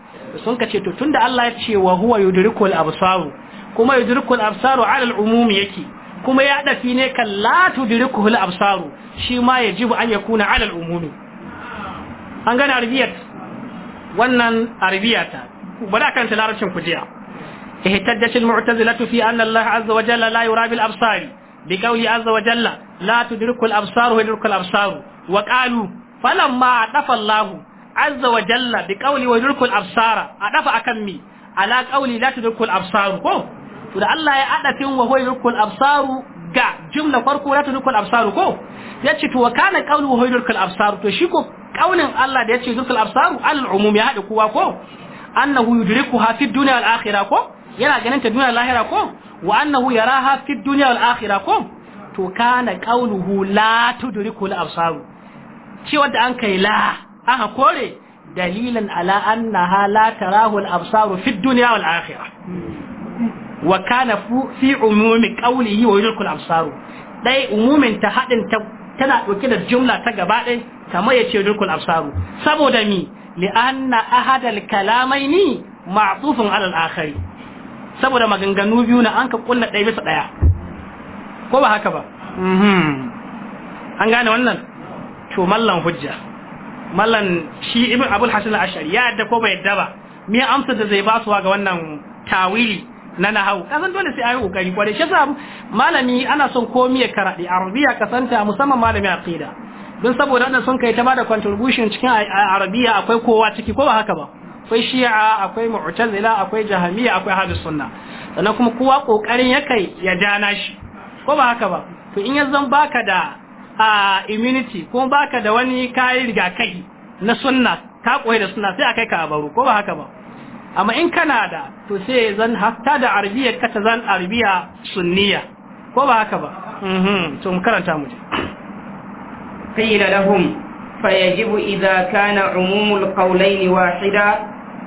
Speaker 1: sun ka ce to tunda Allah ya ce wa huwa yudrikul absaru kuma yudrikul absaru alal umumi yake kuma ya dafi ne kan la tudrikuhul absaru shi ma yajibu an yakuna alal umumi an gane arabiyat wannan arabiya ta bari akan ta larabcin ku jiya. kujiya ihtajjat al-mu'tazilatu fi anna Allah azza wa jalla la yura bil absari bi qawli azza wa jalla la tudriku al-absaru yudriku al-absaru wa qalu falamma adafa Allah azza wa jalla bi qawli wa yudriku al-absara adafa akan mi ala qawli la tudriku al-absaru ko to da Allah ya adafin wa huwa yudriku al-absaru ga jimla farko la tudrikul absar ko yace to wa kana qawluhu yudrikul absar to shi ko kaunin Allah da ya yace yudrikul absar al umum ya hada kowa ko annahu yudrikuha fi dunya wal akhirah ko yana ganin ta duniya lahira ko wa annahu yaraha fi dunya wal akhirah ko to kana qawluhu la tudrikul absar cewa da an kai la aka kore dalilan ala annaha la tarahu al absar fi dunya wal akhirah wa kana fi umumi qawlihi wa yudrikul absaru dai umumin ta hadin ta tana dauke da jumla ta gaba dai kamar yace yudrikul absaru saboda mi li anna ahadal kalamaini ma'tufun ala al-akhari saboda maganganu biyu na an ka kulla ɗaya bisa ɗaya ko ba haka ba mm-hmm. an gane wannan to mallan hujja mallan shi ibn abul hasan al-ashari ya yadda ko bai yadda ba me amsa da zai ba su ga wannan tawili na nahau kasan dole sai ayi kokari kware shi yasa malami ana son komai ya karade arabiya kasanta musamman malami aqida don saboda wannan sun kai ta bada contribution cikin arabiya akwai kowa ciki ko ba haka ba akwai shi'a akwai mu'tazila akwai jahamiya akwai ahlus sunna sannan kuma kowa kokarin ya kai ya jana shi ko ba haka ba to in yanzu baka da a immunity ko baka da wani kayan rigakai na sunna ka koyi da sunna sai akai ka a baro ko ba haka ba ama in kana da to sai hafta da arabiyar ka zan arbiya sunniya ko ba haka ba mhm to mu karanta
Speaker 2: kana umumul qawlain wahida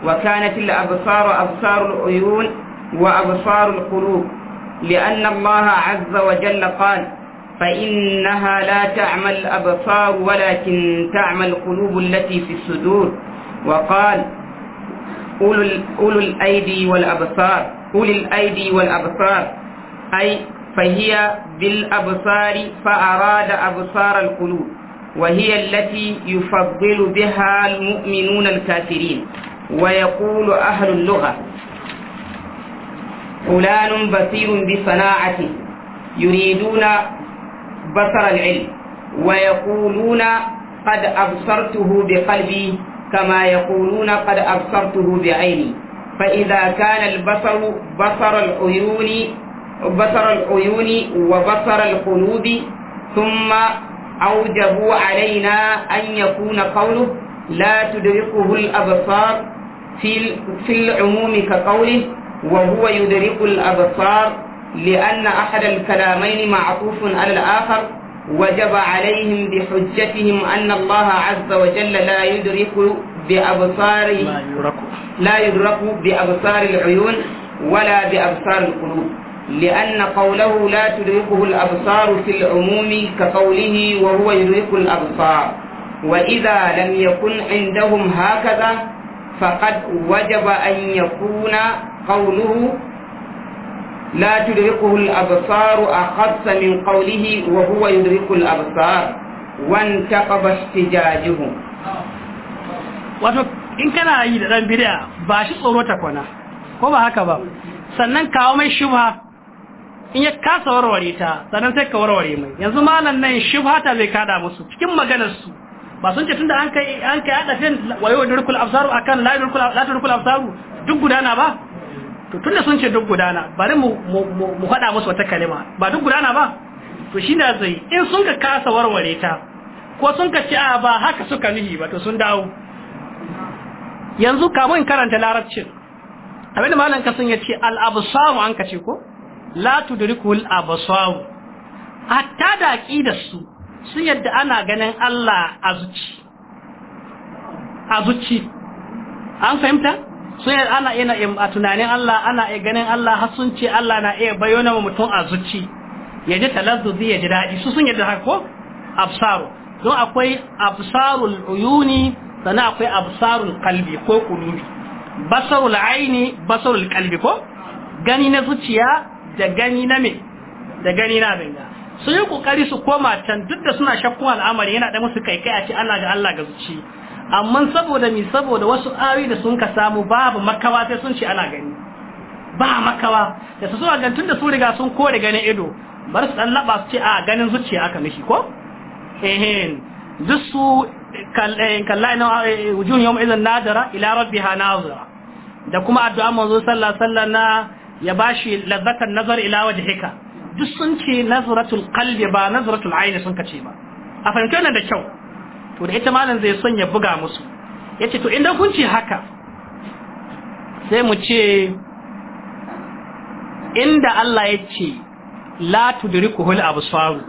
Speaker 2: wa kanat al absaru absaru al uyun wa absaru al qulub li anna allaha azza wa jalla qala fa innaha la ta'mal absar walakin ta'mal qulub allati fi sudur wa أولو الأيدي والأبصار أولي الأيدي والأبصار أي فهي بالأبصار فأراد أبصار القلوب وهي التي يفضل بها المؤمنون الكافرين ويقول أهل اللغة فلان بصير بصناعته يريدون بصر العلم ويقولون قد أبصرته بقلبي كما يقولون قد أبصرته بعيني فإذا كان البصر بصر العيون بصر العيون وبصر القلوب ثم أوجب علينا أن يكون قوله لا تدركه الأبصار في في العموم كقوله وهو يدرك الأبصار لأن أحد الكلامين معطوف على الآخر وجب عليهم بحجتهم أن الله عز وجل لا يدرك بأبصار لا يدرك بأبصار العيون ولا بأبصار القلوب لأن قوله لا تدركه الأبصار في العموم كقوله وهو يدرك الأبصار وإذا لم يكن عندهم هكذا فقد وجب أن يكون قوله لا تدركه الأبصار أخص من قوله وهو يدرك الأبصار وانتقب احتجاجه wato in kana yi da dan
Speaker 1: bid'a ba shi tsoro ta kwana ko ba haka ba sannan kawo mai shubha in ya kasa warware ta sannan sai ka warware mai yanzu malam nan shubha ta zai kada musu cikin maganar su ba sun ce tunda an kai an kai hadafin wayo durkul absaru akan la durkul la durkul absaru duk gudana ba to tunda sun ce duk gudana bari mu mu faɗa musu wata kalima ba duk gudana ba to shi na zai in sun ka kasa warware ta ko sun ka ci a ba haka suka nihi ba to sun dawo yanzu kamo in karanta larabcin abin da malam kasan ya ce al'abasawu an kace ko la tudriku al'abasawu hatta da aqidar su sun yadda ana ganin Allah a zuci a zuci an fahimta sai ana ina a tunanin Allah ana iya ganin Allah har sun ce Allah na iya bayyana wa mutum a zuci ya ji talazzuzi ya ji daɗi su sun yadda haka ko absaru don akwai absarul uyuni sannan akwai absarul kalbi ko kulubi basarul aini basarul kalbi ko gani na zuciya da gani na me da gani na benga su yi kokari su koma can duk da suna shakkun al'amari yana da musu kai kai a ce Allah ga Allah ga zuci amma saboda mi saboda wasu ayoyi da sun ka samu babu makawa sai sun ce ana gani ba makawa da su suna gantun da sun riga sun kore ganin ido bar su dan laba su ce a ah, ganin zuciya aka mishi ko ehin duk su eh, kalla ina eh, wujun yawm idan nadara ila rabbiha nazara da kuma addu'a manzo sallallahu alaihi wasallam na ya bashi lazzatan nazar ila wajhika duk sun ce nazratul qalbi ba nazratul aini sun kace ba a fahimci wannan da kyau to da ita malam zai son ya buga musu yace to idan kun ce haka sai mu ce inda Allah ya ce la tudrikuhul absaru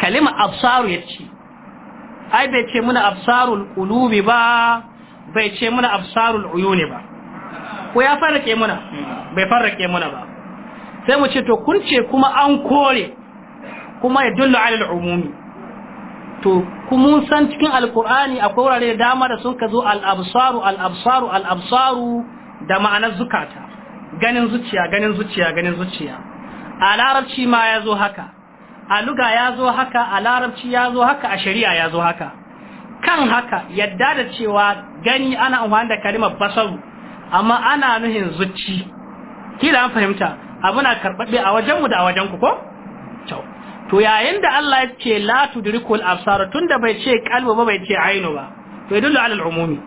Speaker 1: kalima absaru ya ce ai bai ce muna absarul qulubi ba bai ce muna absarul uyuni ba ko ya farrake muna bai farrake muna ba sai mu ce to kun ce kuma an kore kuma ya dullu alal umumi to kuma san cikin alkur'ani akwai wurare da dama da sun ka zo al-absaru al da ma'anar zukata ganin zuciya ganin zuciya ganin zuciya a larabci ma ya zo haka a luga ya zo haka a larabci ya zo haka a shari'a ya zo haka kan haka yadda da cewa gani ana amfani da kalimar basaru amma ana nuhin zuci kila an fahimta abuna na karɓaɓɓe a wajenmu da a wajenku ko? Ciao. to yayin da Allah ya ce la tudrikul absar tunda bai ce kalbu ba bai ce aino ba to yadullu ala al'umumi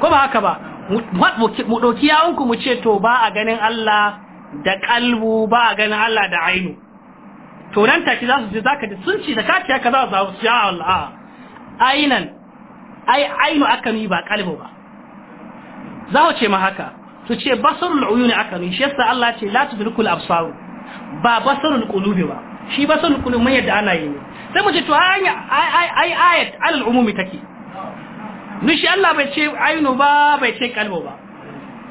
Speaker 1: ko ba haka ba mu doki yawun ku mu ce to ba a ganin Allah da kalbu ba a ganin Allah da aino. to nan take za su ji zaka ji sun ci da kaci haka za su ya ah, Allah ainan ai aino aka yi ba kalbu ba za ce ma haka su ce basarul uyuni aka yi shi yasa Allah ce la tudrikul absar ba basarul qulubi ba shi basarul qulubi mai yadda ana yi sai mu ce to hanya ai ayat alal umumi take shi Allah bai ce ayinu ba bai ce kalbo ba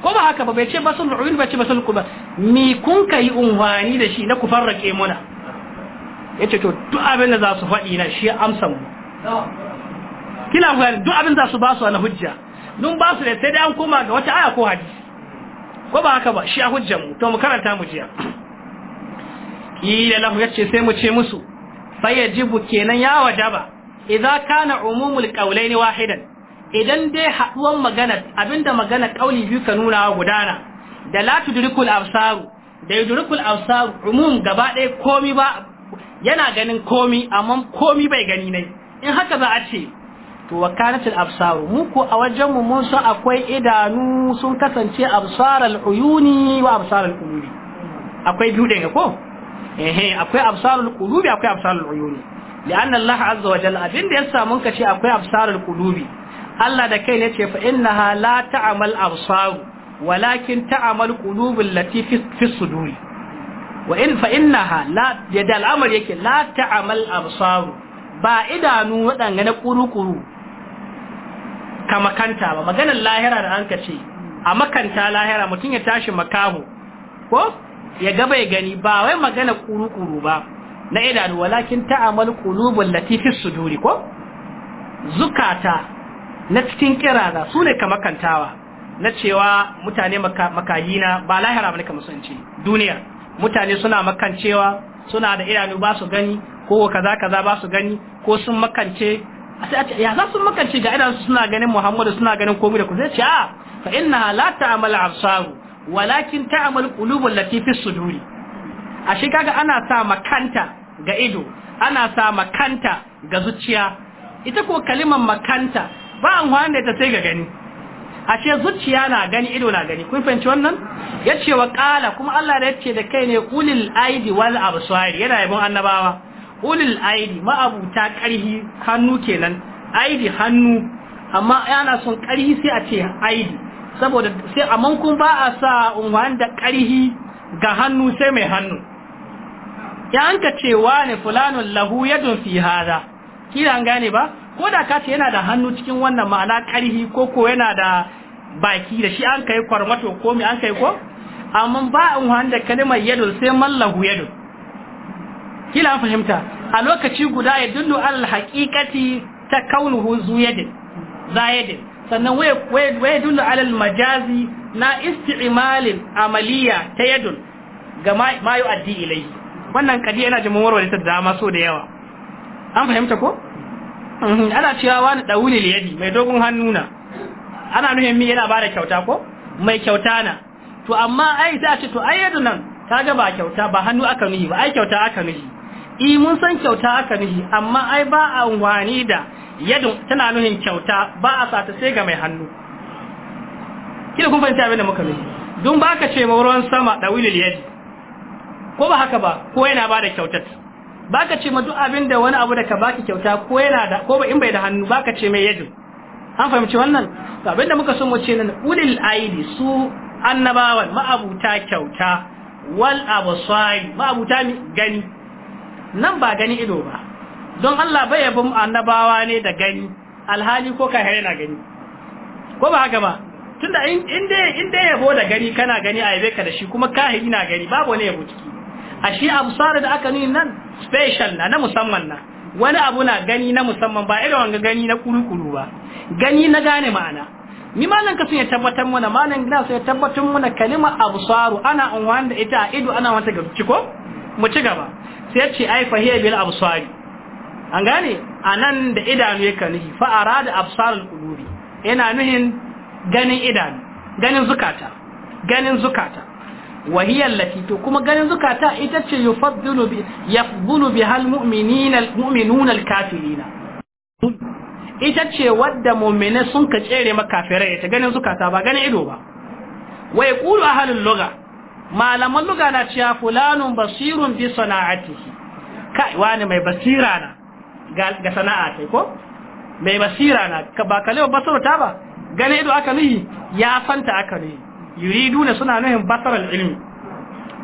Speaker 1: ko ba haka ba bai ce basarul qulubi bai ce basarul qulubi mi kun kai unwani da shi na ku farrake muna yace to duk abin da za su faɗi na shi amsa mu kila fahimta duk abin za su ba su ana hujja nun ba su da sai dai an koma ga wata aya ko hadisi ko ba haka ba shi a hujjar mu to mu karanta mu jiya da lahu yace sai mu ce musu fayajibu kenan ya wajaba idza kana umumul qawlain wahidan idan dai haduwan magana abinda magana kauli biyu ka nuna wa gudana da la tudrikul absaru da yudrikul absaru umum gaba ɗaya komi ba yana ganin komi amma komi bai gani ne in haka za a ce to wakanatul absaru mu ko a wajen mu mun san akwai idanu sun kasance absaral uyuni wa absaral qulubi akwai biyu ko eh akwai absarul qulubi akwai absarul uyuni lian Allah azza wa jalla abin da ya mun kace akwai absarul qulubi Allah da kai ne ce fa innaha la ta'mal absar walakin ta'mal qulubul lati fi suduri wa in fa innaha la yadal amr yake la ta'mal absar ba idanu wadanga na kurukuru kama kanta ba maganar lahira da an ce a makanta lahira mutun ya tashi makaho ko ya ga bai gani ba wai magana kuru kuru ba na idanu walakin ta'amal qulubul latifi suduri ko zukata na cikin kirara su ne kamar kantawa na cewa mutane makayina ba lahira ne kamar sun ce duniya mutane suna makancewa suna da idanu ba su gani ko kaza kaza ba su gani ko sun makance a ya za su makance ga idanu suna ganin Muhammadu suna ganin komai da ku zai ce a ah, fa inna la ta'amal absaru walakin ta'amal qulubul lati fi suduri ashe kaga ana sa makanta ga ido ana sa makanta ga zuciya ita ko kalimar makanta ba an da ta sai ga gani ashe zuciya na gani ido na gani kun fahimci wannan yace wa qala kuma Allah da yace da kai ne qulil aidi wal absari yana yabon annabawa qulil aidi abuta karhi hannu kenan aidi hannu amma yana son karhi sai a ce aidi saboda sai amma kun ba a sa unguwan da ƙarhi ga hannu sai mai hannu ya an ka cewa ne fulanun lahu yadun fi hada da an gane ba ko da ka ce yana da hannu cikin wannan ma'ana ƙarhi ko ko yana da baki da shi an kai kwarmato ko mai an kai ko amma ba unguwan da kalmar yadun sai mallahu yadun kila an fahimta a lokaci guda ya dullu al haqiqati ta kaunuhu zu yadin za yadin sannan waya dullu alal majazi na isti'imalin amaliya ta yadun ga mayu addi ilai wannan kadi yana jimin warware ta dama so da yawa an fahimta ko mhm, ana cewa wani dawuni liyadi mai dogon hannuna ana nuhin mi yana ba da kyauta ko mai kyauta na to amma ai sai a ce to ai yadu nan ga ba kyauta ba hannu aka nuhi ba ai kyauta aka nuhi i e, mun san kyauta aka nuhi amma ai ba a wani da yadin tana nuhin kyauta ba a sata sai ga mai hannu Kila kun fahimta abin da muka nuhi don ba ka ce ma ruwan sama da wilil yadi ko ba haka ba ko yana ba da kyauta ba ka ce ma duk abin da wani abu da ka baki kyauta ko yana da ko ba in bai da hannu ba ka ce mai yadin an fahimci wannan abin da muka so mu ce nan ulil aidi su annabawan ma'abuta kyauta wal abasari ma'abuta gani nan ba gani ido ba don Allah bai yabi annabawa ne da gani alhali ko ka na gani ko ba haka ba tunda in dai in dai yabo da gani kana gani a yabe ka da shi kuma kahiri na gani babu wani yabo ciki shi absar da aka nuna nan special na na musamman na wani abu na gani na musamman ba irin wanga gani na kurukuru ba gani na gane ma'ana ni malan kasu ya tabbatar mana malan gina su ya tabbatar mana kalima absaru ana unwan da ita a ido ana wanta ga ciko mu ci gaba sai ce ai fa hiya bil absari an gane anan da idanu yake nuhi fa arada absarul qulubi yana nuhin ganin idanu ganin zukata ganin zukata to kuma ganin zukata ita ce yufaddilu bi yafdulu biha al kafirina ita ce wadda mu'mina sun ka tsere makafirai ta ganin zukata ba ganin ido ba wa yaqulu ahlul lugha malaman luga na cewa fulanun basirun bi sana'atihi kai wani mai basira na ga sana'a sai ko mai basira na ba wa basaro ta ba gane ido aka nuhi ya santa aka ne yuridu ne suna nuhin basarar ilimi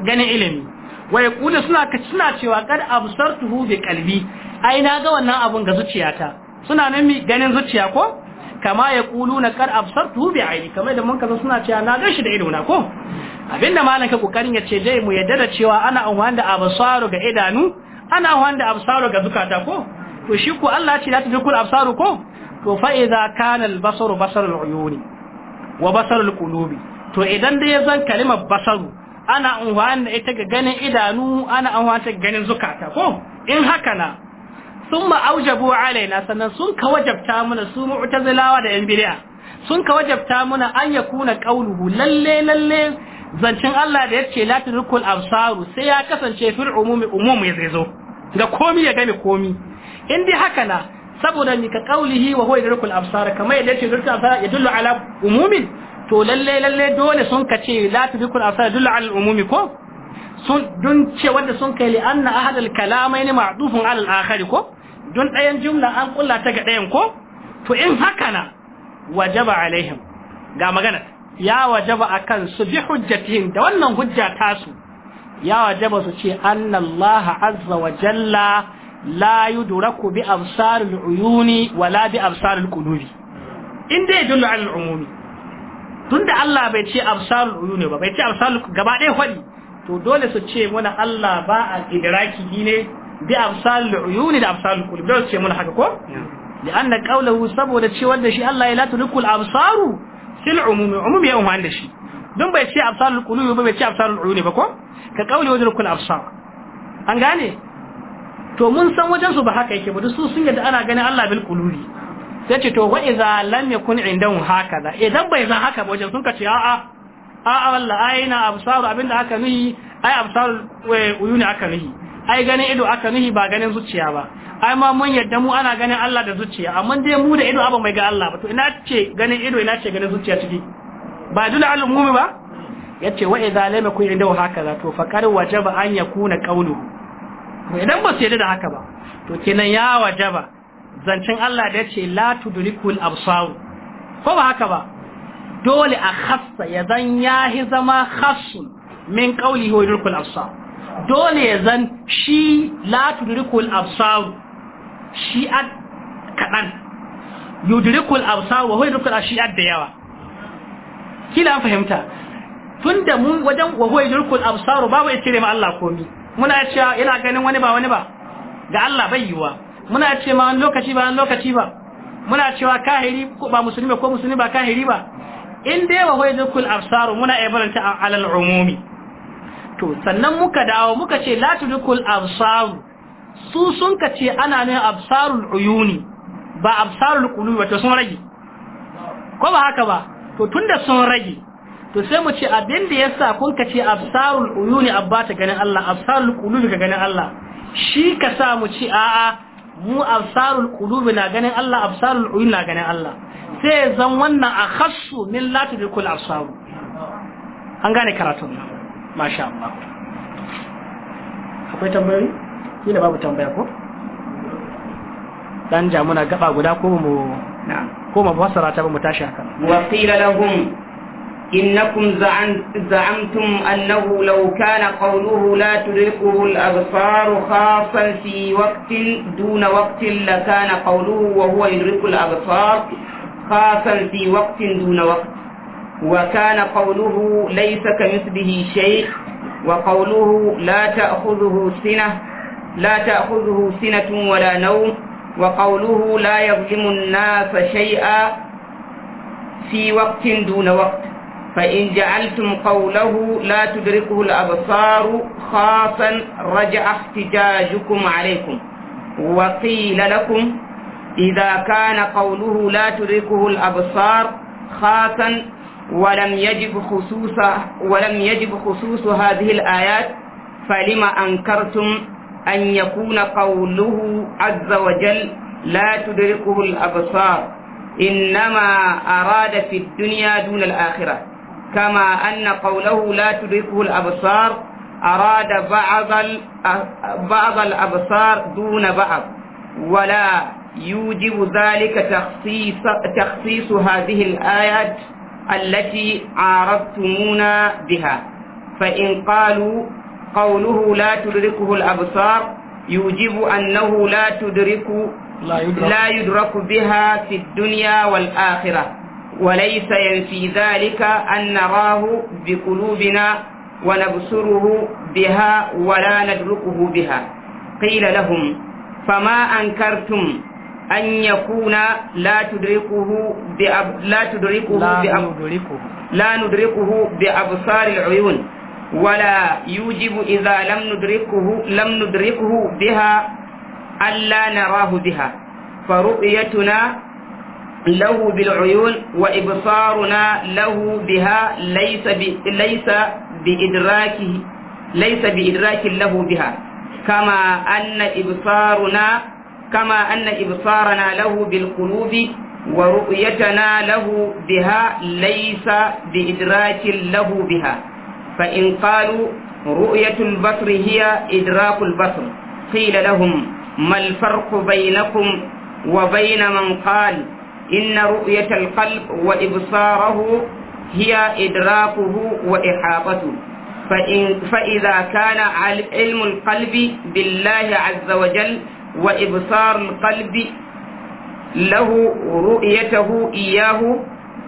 Speaker 1: gane ilimi wai kuna suna suna cewa kad absartuhu bi qalbi ai na ga wannan abun ga zuciyata suna nan mi ganin zuciya ko kama ya kuluna kad absartuhu bi aini kamar da mun kaza suna cewa na gashi da ido na ko abinda malam ka kokarin ya ce dai mu yadda da cewa ana anwan da absaru ga idanu ana anwan da absaru ga zukata ko to shi ko Allah ce za ta dukul absaru ko to fa idza kana al basaru basarul uyuni wa basarul qulubi to idan da ya zan kalimar basaru ana anwan da ita ga ganin idanu ana anwan ta ganin zukata ko in haka na summa aujabu alaina sannan sun ka wajabta mana su mu'tazilawa da yan bid'a sun ka wajabta mana an yakuna qawluhu lalle lalle Zancen Allah da yace la tudrikul absaru sai ya kasance fil umumi umum ya zo ga komi ya gane komi in dai haka na saboda ni ka qaulihi wa huwa yudrikul absar kamar yadda yace yudrikul absar yadullu ala umumin to lalle lalle dole sun kace la tudrikul absar yadullu ala umumi ko sun dun ce wanda sun kai li anna ahadul kalamain ma'dufun ala al-akhir ko dun ɗayan jumla an kulla ta ga ɗayan ko to in haka na wajaba alaihim ga magana ya wajaba akan su bi hujjatihim da wannan hujja tasu ya wajaba su ce annallaha azza wa jalla la yudraku bi absaril uyuni wala bi absaril qulubi in dai dullu al umumi tunda Allah bai ce absarul uyuni ba bai ce absarul gaba ɗaya hwali to dole su ce muna Allah ba a idraki ne bi absarul uyuni da absarul qulubi dole su ce muna haka ko li'anna qawluhu saboda ce wanda shi Allah ya la tudrikul absaru fil umumi umumi ya umma da shi don bai ce absalul qulubi ba bai ce absalul uyuni ba ko ka kauli wajen kul absar an gane to mun san wajen su ba haka yake ba duk su sun yadda ana ganin Allah bil qulubi sai ce to wa idza lam yakun indahu hakaza idan bai zan haka ba wajen sun ka ce a'a a'a wallahi ayina absaru abinda aka nuhi ai absarul eh, uyuni aka nuhi ai ganin ido aka nuhi ba ganin zuciya ba ai ma mun yadda mu ana ganin Allah da zuciya amma dai mu da ido abu mai ga Allah ba to ina ce ganin ido ina ce ganin zuciya ciki ba dole al-umumi ba yace wa idza lam yakun inda za to faqad wajaba an yakuna qawlu to idan ba su yadda da haka ba to kenan ya wajaba zancen Allah da yace la tudrikul absar ko ba haka ba dole a khassa ya zan yahi zama khassun min qawlihi wa yudrikul absar dole zan shi latudrikul absar shi a kaɗan yudrikul absar wa huwa a shi da yawa kila an fahimta da mun wajen wa huwa yudrikul absar babu wai cire ma Allah komi muna cewa yana ganin wani ba wani ba ga Allah bai yiwa muna ce ma lokaci ba wani lokaci ba muna cewa kahiri ko ba musulmi ko musulmi ba kahiri ba in dai wa huwa yudrikul absar muna ibaranta alal umumi to sannan muka dawo muka ce la tudkul absaru su sun ka ce ana ne absarul uyuni ba absarul kulubi ba to sun rage ko ba haka ba to tunda sun rage to sai mu ce abin da yasa kun ka ce absarul uyuni abba ta ganin Allah absarul kulubi ka ganin Allah shi ka sa mu ce a'a mu absarul kulubi na ganin Allah absarul uyuni na ganin Allah sai zan wannan akhassu min la tudkul absaru an gane karatun nan masha Allah akwai tambayoyi kila babu tambaya ko dan ja muna gaba guda ko mu ko mu fassara ta mu tashi haka
Speaker 2: wa qila lahum innakum za'amtum annahu law kana qawluhu la tudrikuhu al-absar khasan fi waqtin duna waqtin la kana qawluhu wa huwa yudriku al-absar khasan fi waqtin duna waqtin وكان قوله ليس كمثله شيء وقوله لا تأخذه سنة لا تأخذه سنة ولا نوم وقوله لا يظلم الناس شيئا في وقت دون وقت فإن جعلتم قوله لا تدركه الأبصار خاصا رجع احتجاجكم عليكم وقيل لكم إذا كان قوله لا تدركه الأبصار خاصا ولم يجب خصوص ولم يجب خصوص هذه الآيات فلما أنكرتم أن يكون قوله عز وجل لا تدركه الأبصار إنما أراد في الدنيا دون الآخرة كما أن قوله لا تدركه الأبصار أراد بعض بعض الأبصار دون بعض ولا يوجب ذلك تخصيص, تخصيص هذه الآيات التي عارضتمونا بها فإن قالوا قوله لا تدركه الأبصار يوجب أنه لا تدرك لا يدرك, لا يدرك بها في الدنيا والآخرة وليس ينفي ذلك أن نراه بقلوبنا ونبصره بها ولا ندركه بها قيل لهم فما أنكرتم أن يكون لا تدركه بأب لا تدركه لا بأب ندركه لا ندركه بأبصار العيون ولا يوجب إذا لم ندركه لم ندركه بها ألا نراه بها فرؤيتنا له بالعيون وإبصارنا له بها ليس ب... ليس بإدراكه ليس بإدراك له بها كما أن إبصارنا كما أن إبصارنا له بالقلوب ورؤيتنا له بها ليس بإدراك له بها فإن قالوا رؤية البصر هي إدراك البصر قيل لهم ما الفرق بينكم وبين من قال إن رؤية القلب وإبصاره هي إدراكه وإحاطته فإن فإذا كان علم القلب بالله عز وجل wa ibsarul qalbi lahu ru'yatahu iyahu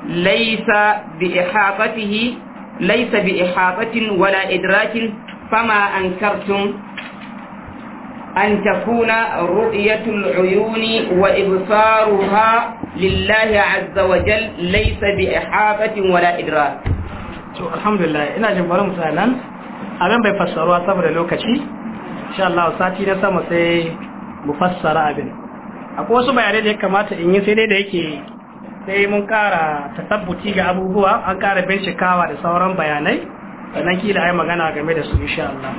Speaker 2: laysa bi ihaqatihi laysa bi ihaqatin wala idrakin fama ankartum أن تكون رؤية العيون وإبصارها لله عز وجل ليس بإحاطة ولا إدراك to alhamdulillah ina jin bari mutanen abin bai fassaruwa saboda lokaci
Speaker 1: insha Allah sati na sama sai mu fassara abin akwai wasu bayanai da ya kamata in yi sai dai da yake sai mun kara tasabbuci ga abubuwa an kara bincikawa da sauran bayanai sannan kila ai magana game da su insha Allah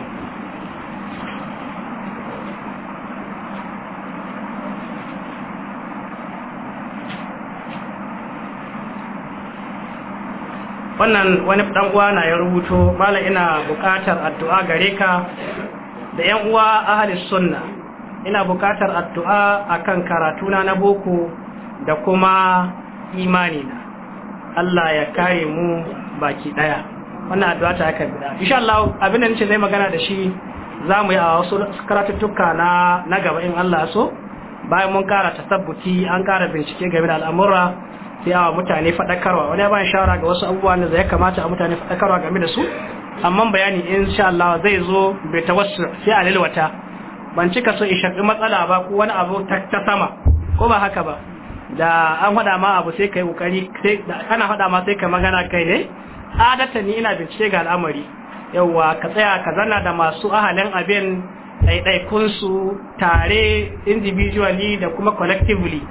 Speaker 1: wannan wani dan uwa na ya rubuto mala ina bukatar addu'a gare ka da yan uwa ahli sunna ina bukatar addu'a a kan karatuna na boko da kuma imani na Allah ya kare mu baki ɗaya. wannan addu'a ta aka bida insha Allah abin da nace zai magana da shi zamu yi a wasu karatuttuka na na gaba in Allah so bayan mun kara tasabbuti an kara bincike game da al'amura sai a mutane fadakarwa wani ba shawara ga wasu abubuwa da ya kamata a mutane fadakarwa game da su amma bayani insha Allah zai zo bai tawassu sai a lalwata ban cika so in shafi matsala ba ko wani abu ta sama ko ba haka ba da an haɗa ma abu sai kai kokari sai kana haɗa ma sai kai magana kai ne eh, adata ni ina bincike ga al'amari yawa ka tsaya ka zanna da masu ahalin abin ɗaiɗaikunsu tare individually da kuma collectively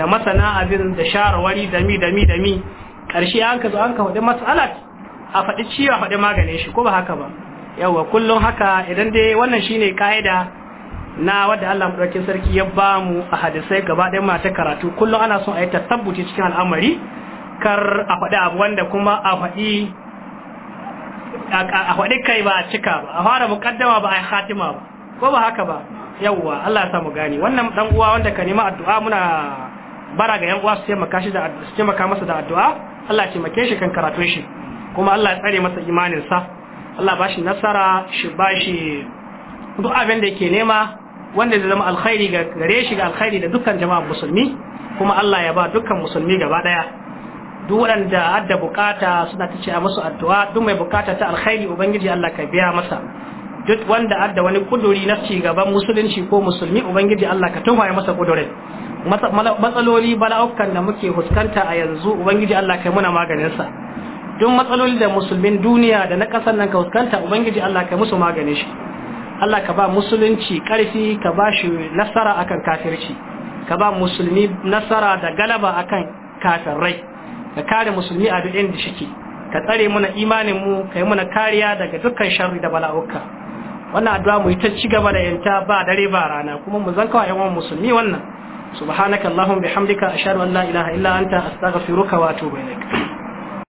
Speaker 1: da masana abin da shawarwari da mi da mi da mi ƙarshe an ka zo an ka faɗi mas'ala a faɗi ciwo a faɗi maganin shi ko ba haka ba yawa kullum haka idan dai wannan shine ka'ida na wadda Allah madaukakin sarki ya ba mu a hadisai gaba ɗaya mata karatu kullum ana son a yi tasabbuci cikin al'amari kar a faɗi abu wanda kuma a faɗi a faɗi kai ba a cika ba a fara mukaddama ba a yi hatima ba ko ba haka ba yawwa Allah ya samu gani wannan dan uwa wanda ka nema addu'a muna bara ga yan uwa su taimaka shi da su taimaka masa da addu'a Allah ya taimake shi kan karatun shi kuma Allah ya tsare masa imanin sa Allah ba shi nasara shi ba shi duk abin da yake nema wanda zai zama alkhairi ga gare shi ga alkhairi da dukkan jama'a musulmi kuma Allah ya ba dukkan musulmi gaba daya duk wanda adda bukata suna ta a musu addu'a duk mai bukata ta alkhairi ubangiji Allah ka biya masa duk wanda adda wani kuduri na ci gaban musulunci ko musulmi ubangiji Allah ka tumaye masa kudurin matsaloli bala'ukan da muke fuskanta a yanzu ubangiji Allah kai muna maganin sa duk matsaloli da musulmin duniya da na ƙasar nan ka fuskanta ubangiji Allah kai musu maganin shi Allah ka ba musulunci ƙarfi ka ba shi nasara akan kafirci ka ba musulmi nasara da galaba akan kafirai ka kare musulmi a duk da shike ka tsare muna imanin ka yi muna kariya daga dukkan sharri da bala'uka wannan addu'a mu ita ta ci gaba da yanta ba dare ba rana kuma mu zanka wa ƴan musulmi wannan subhanakallahumma bihamdika ashhadu an la ilaha illa anta astaghfiruka wa atubu ilaik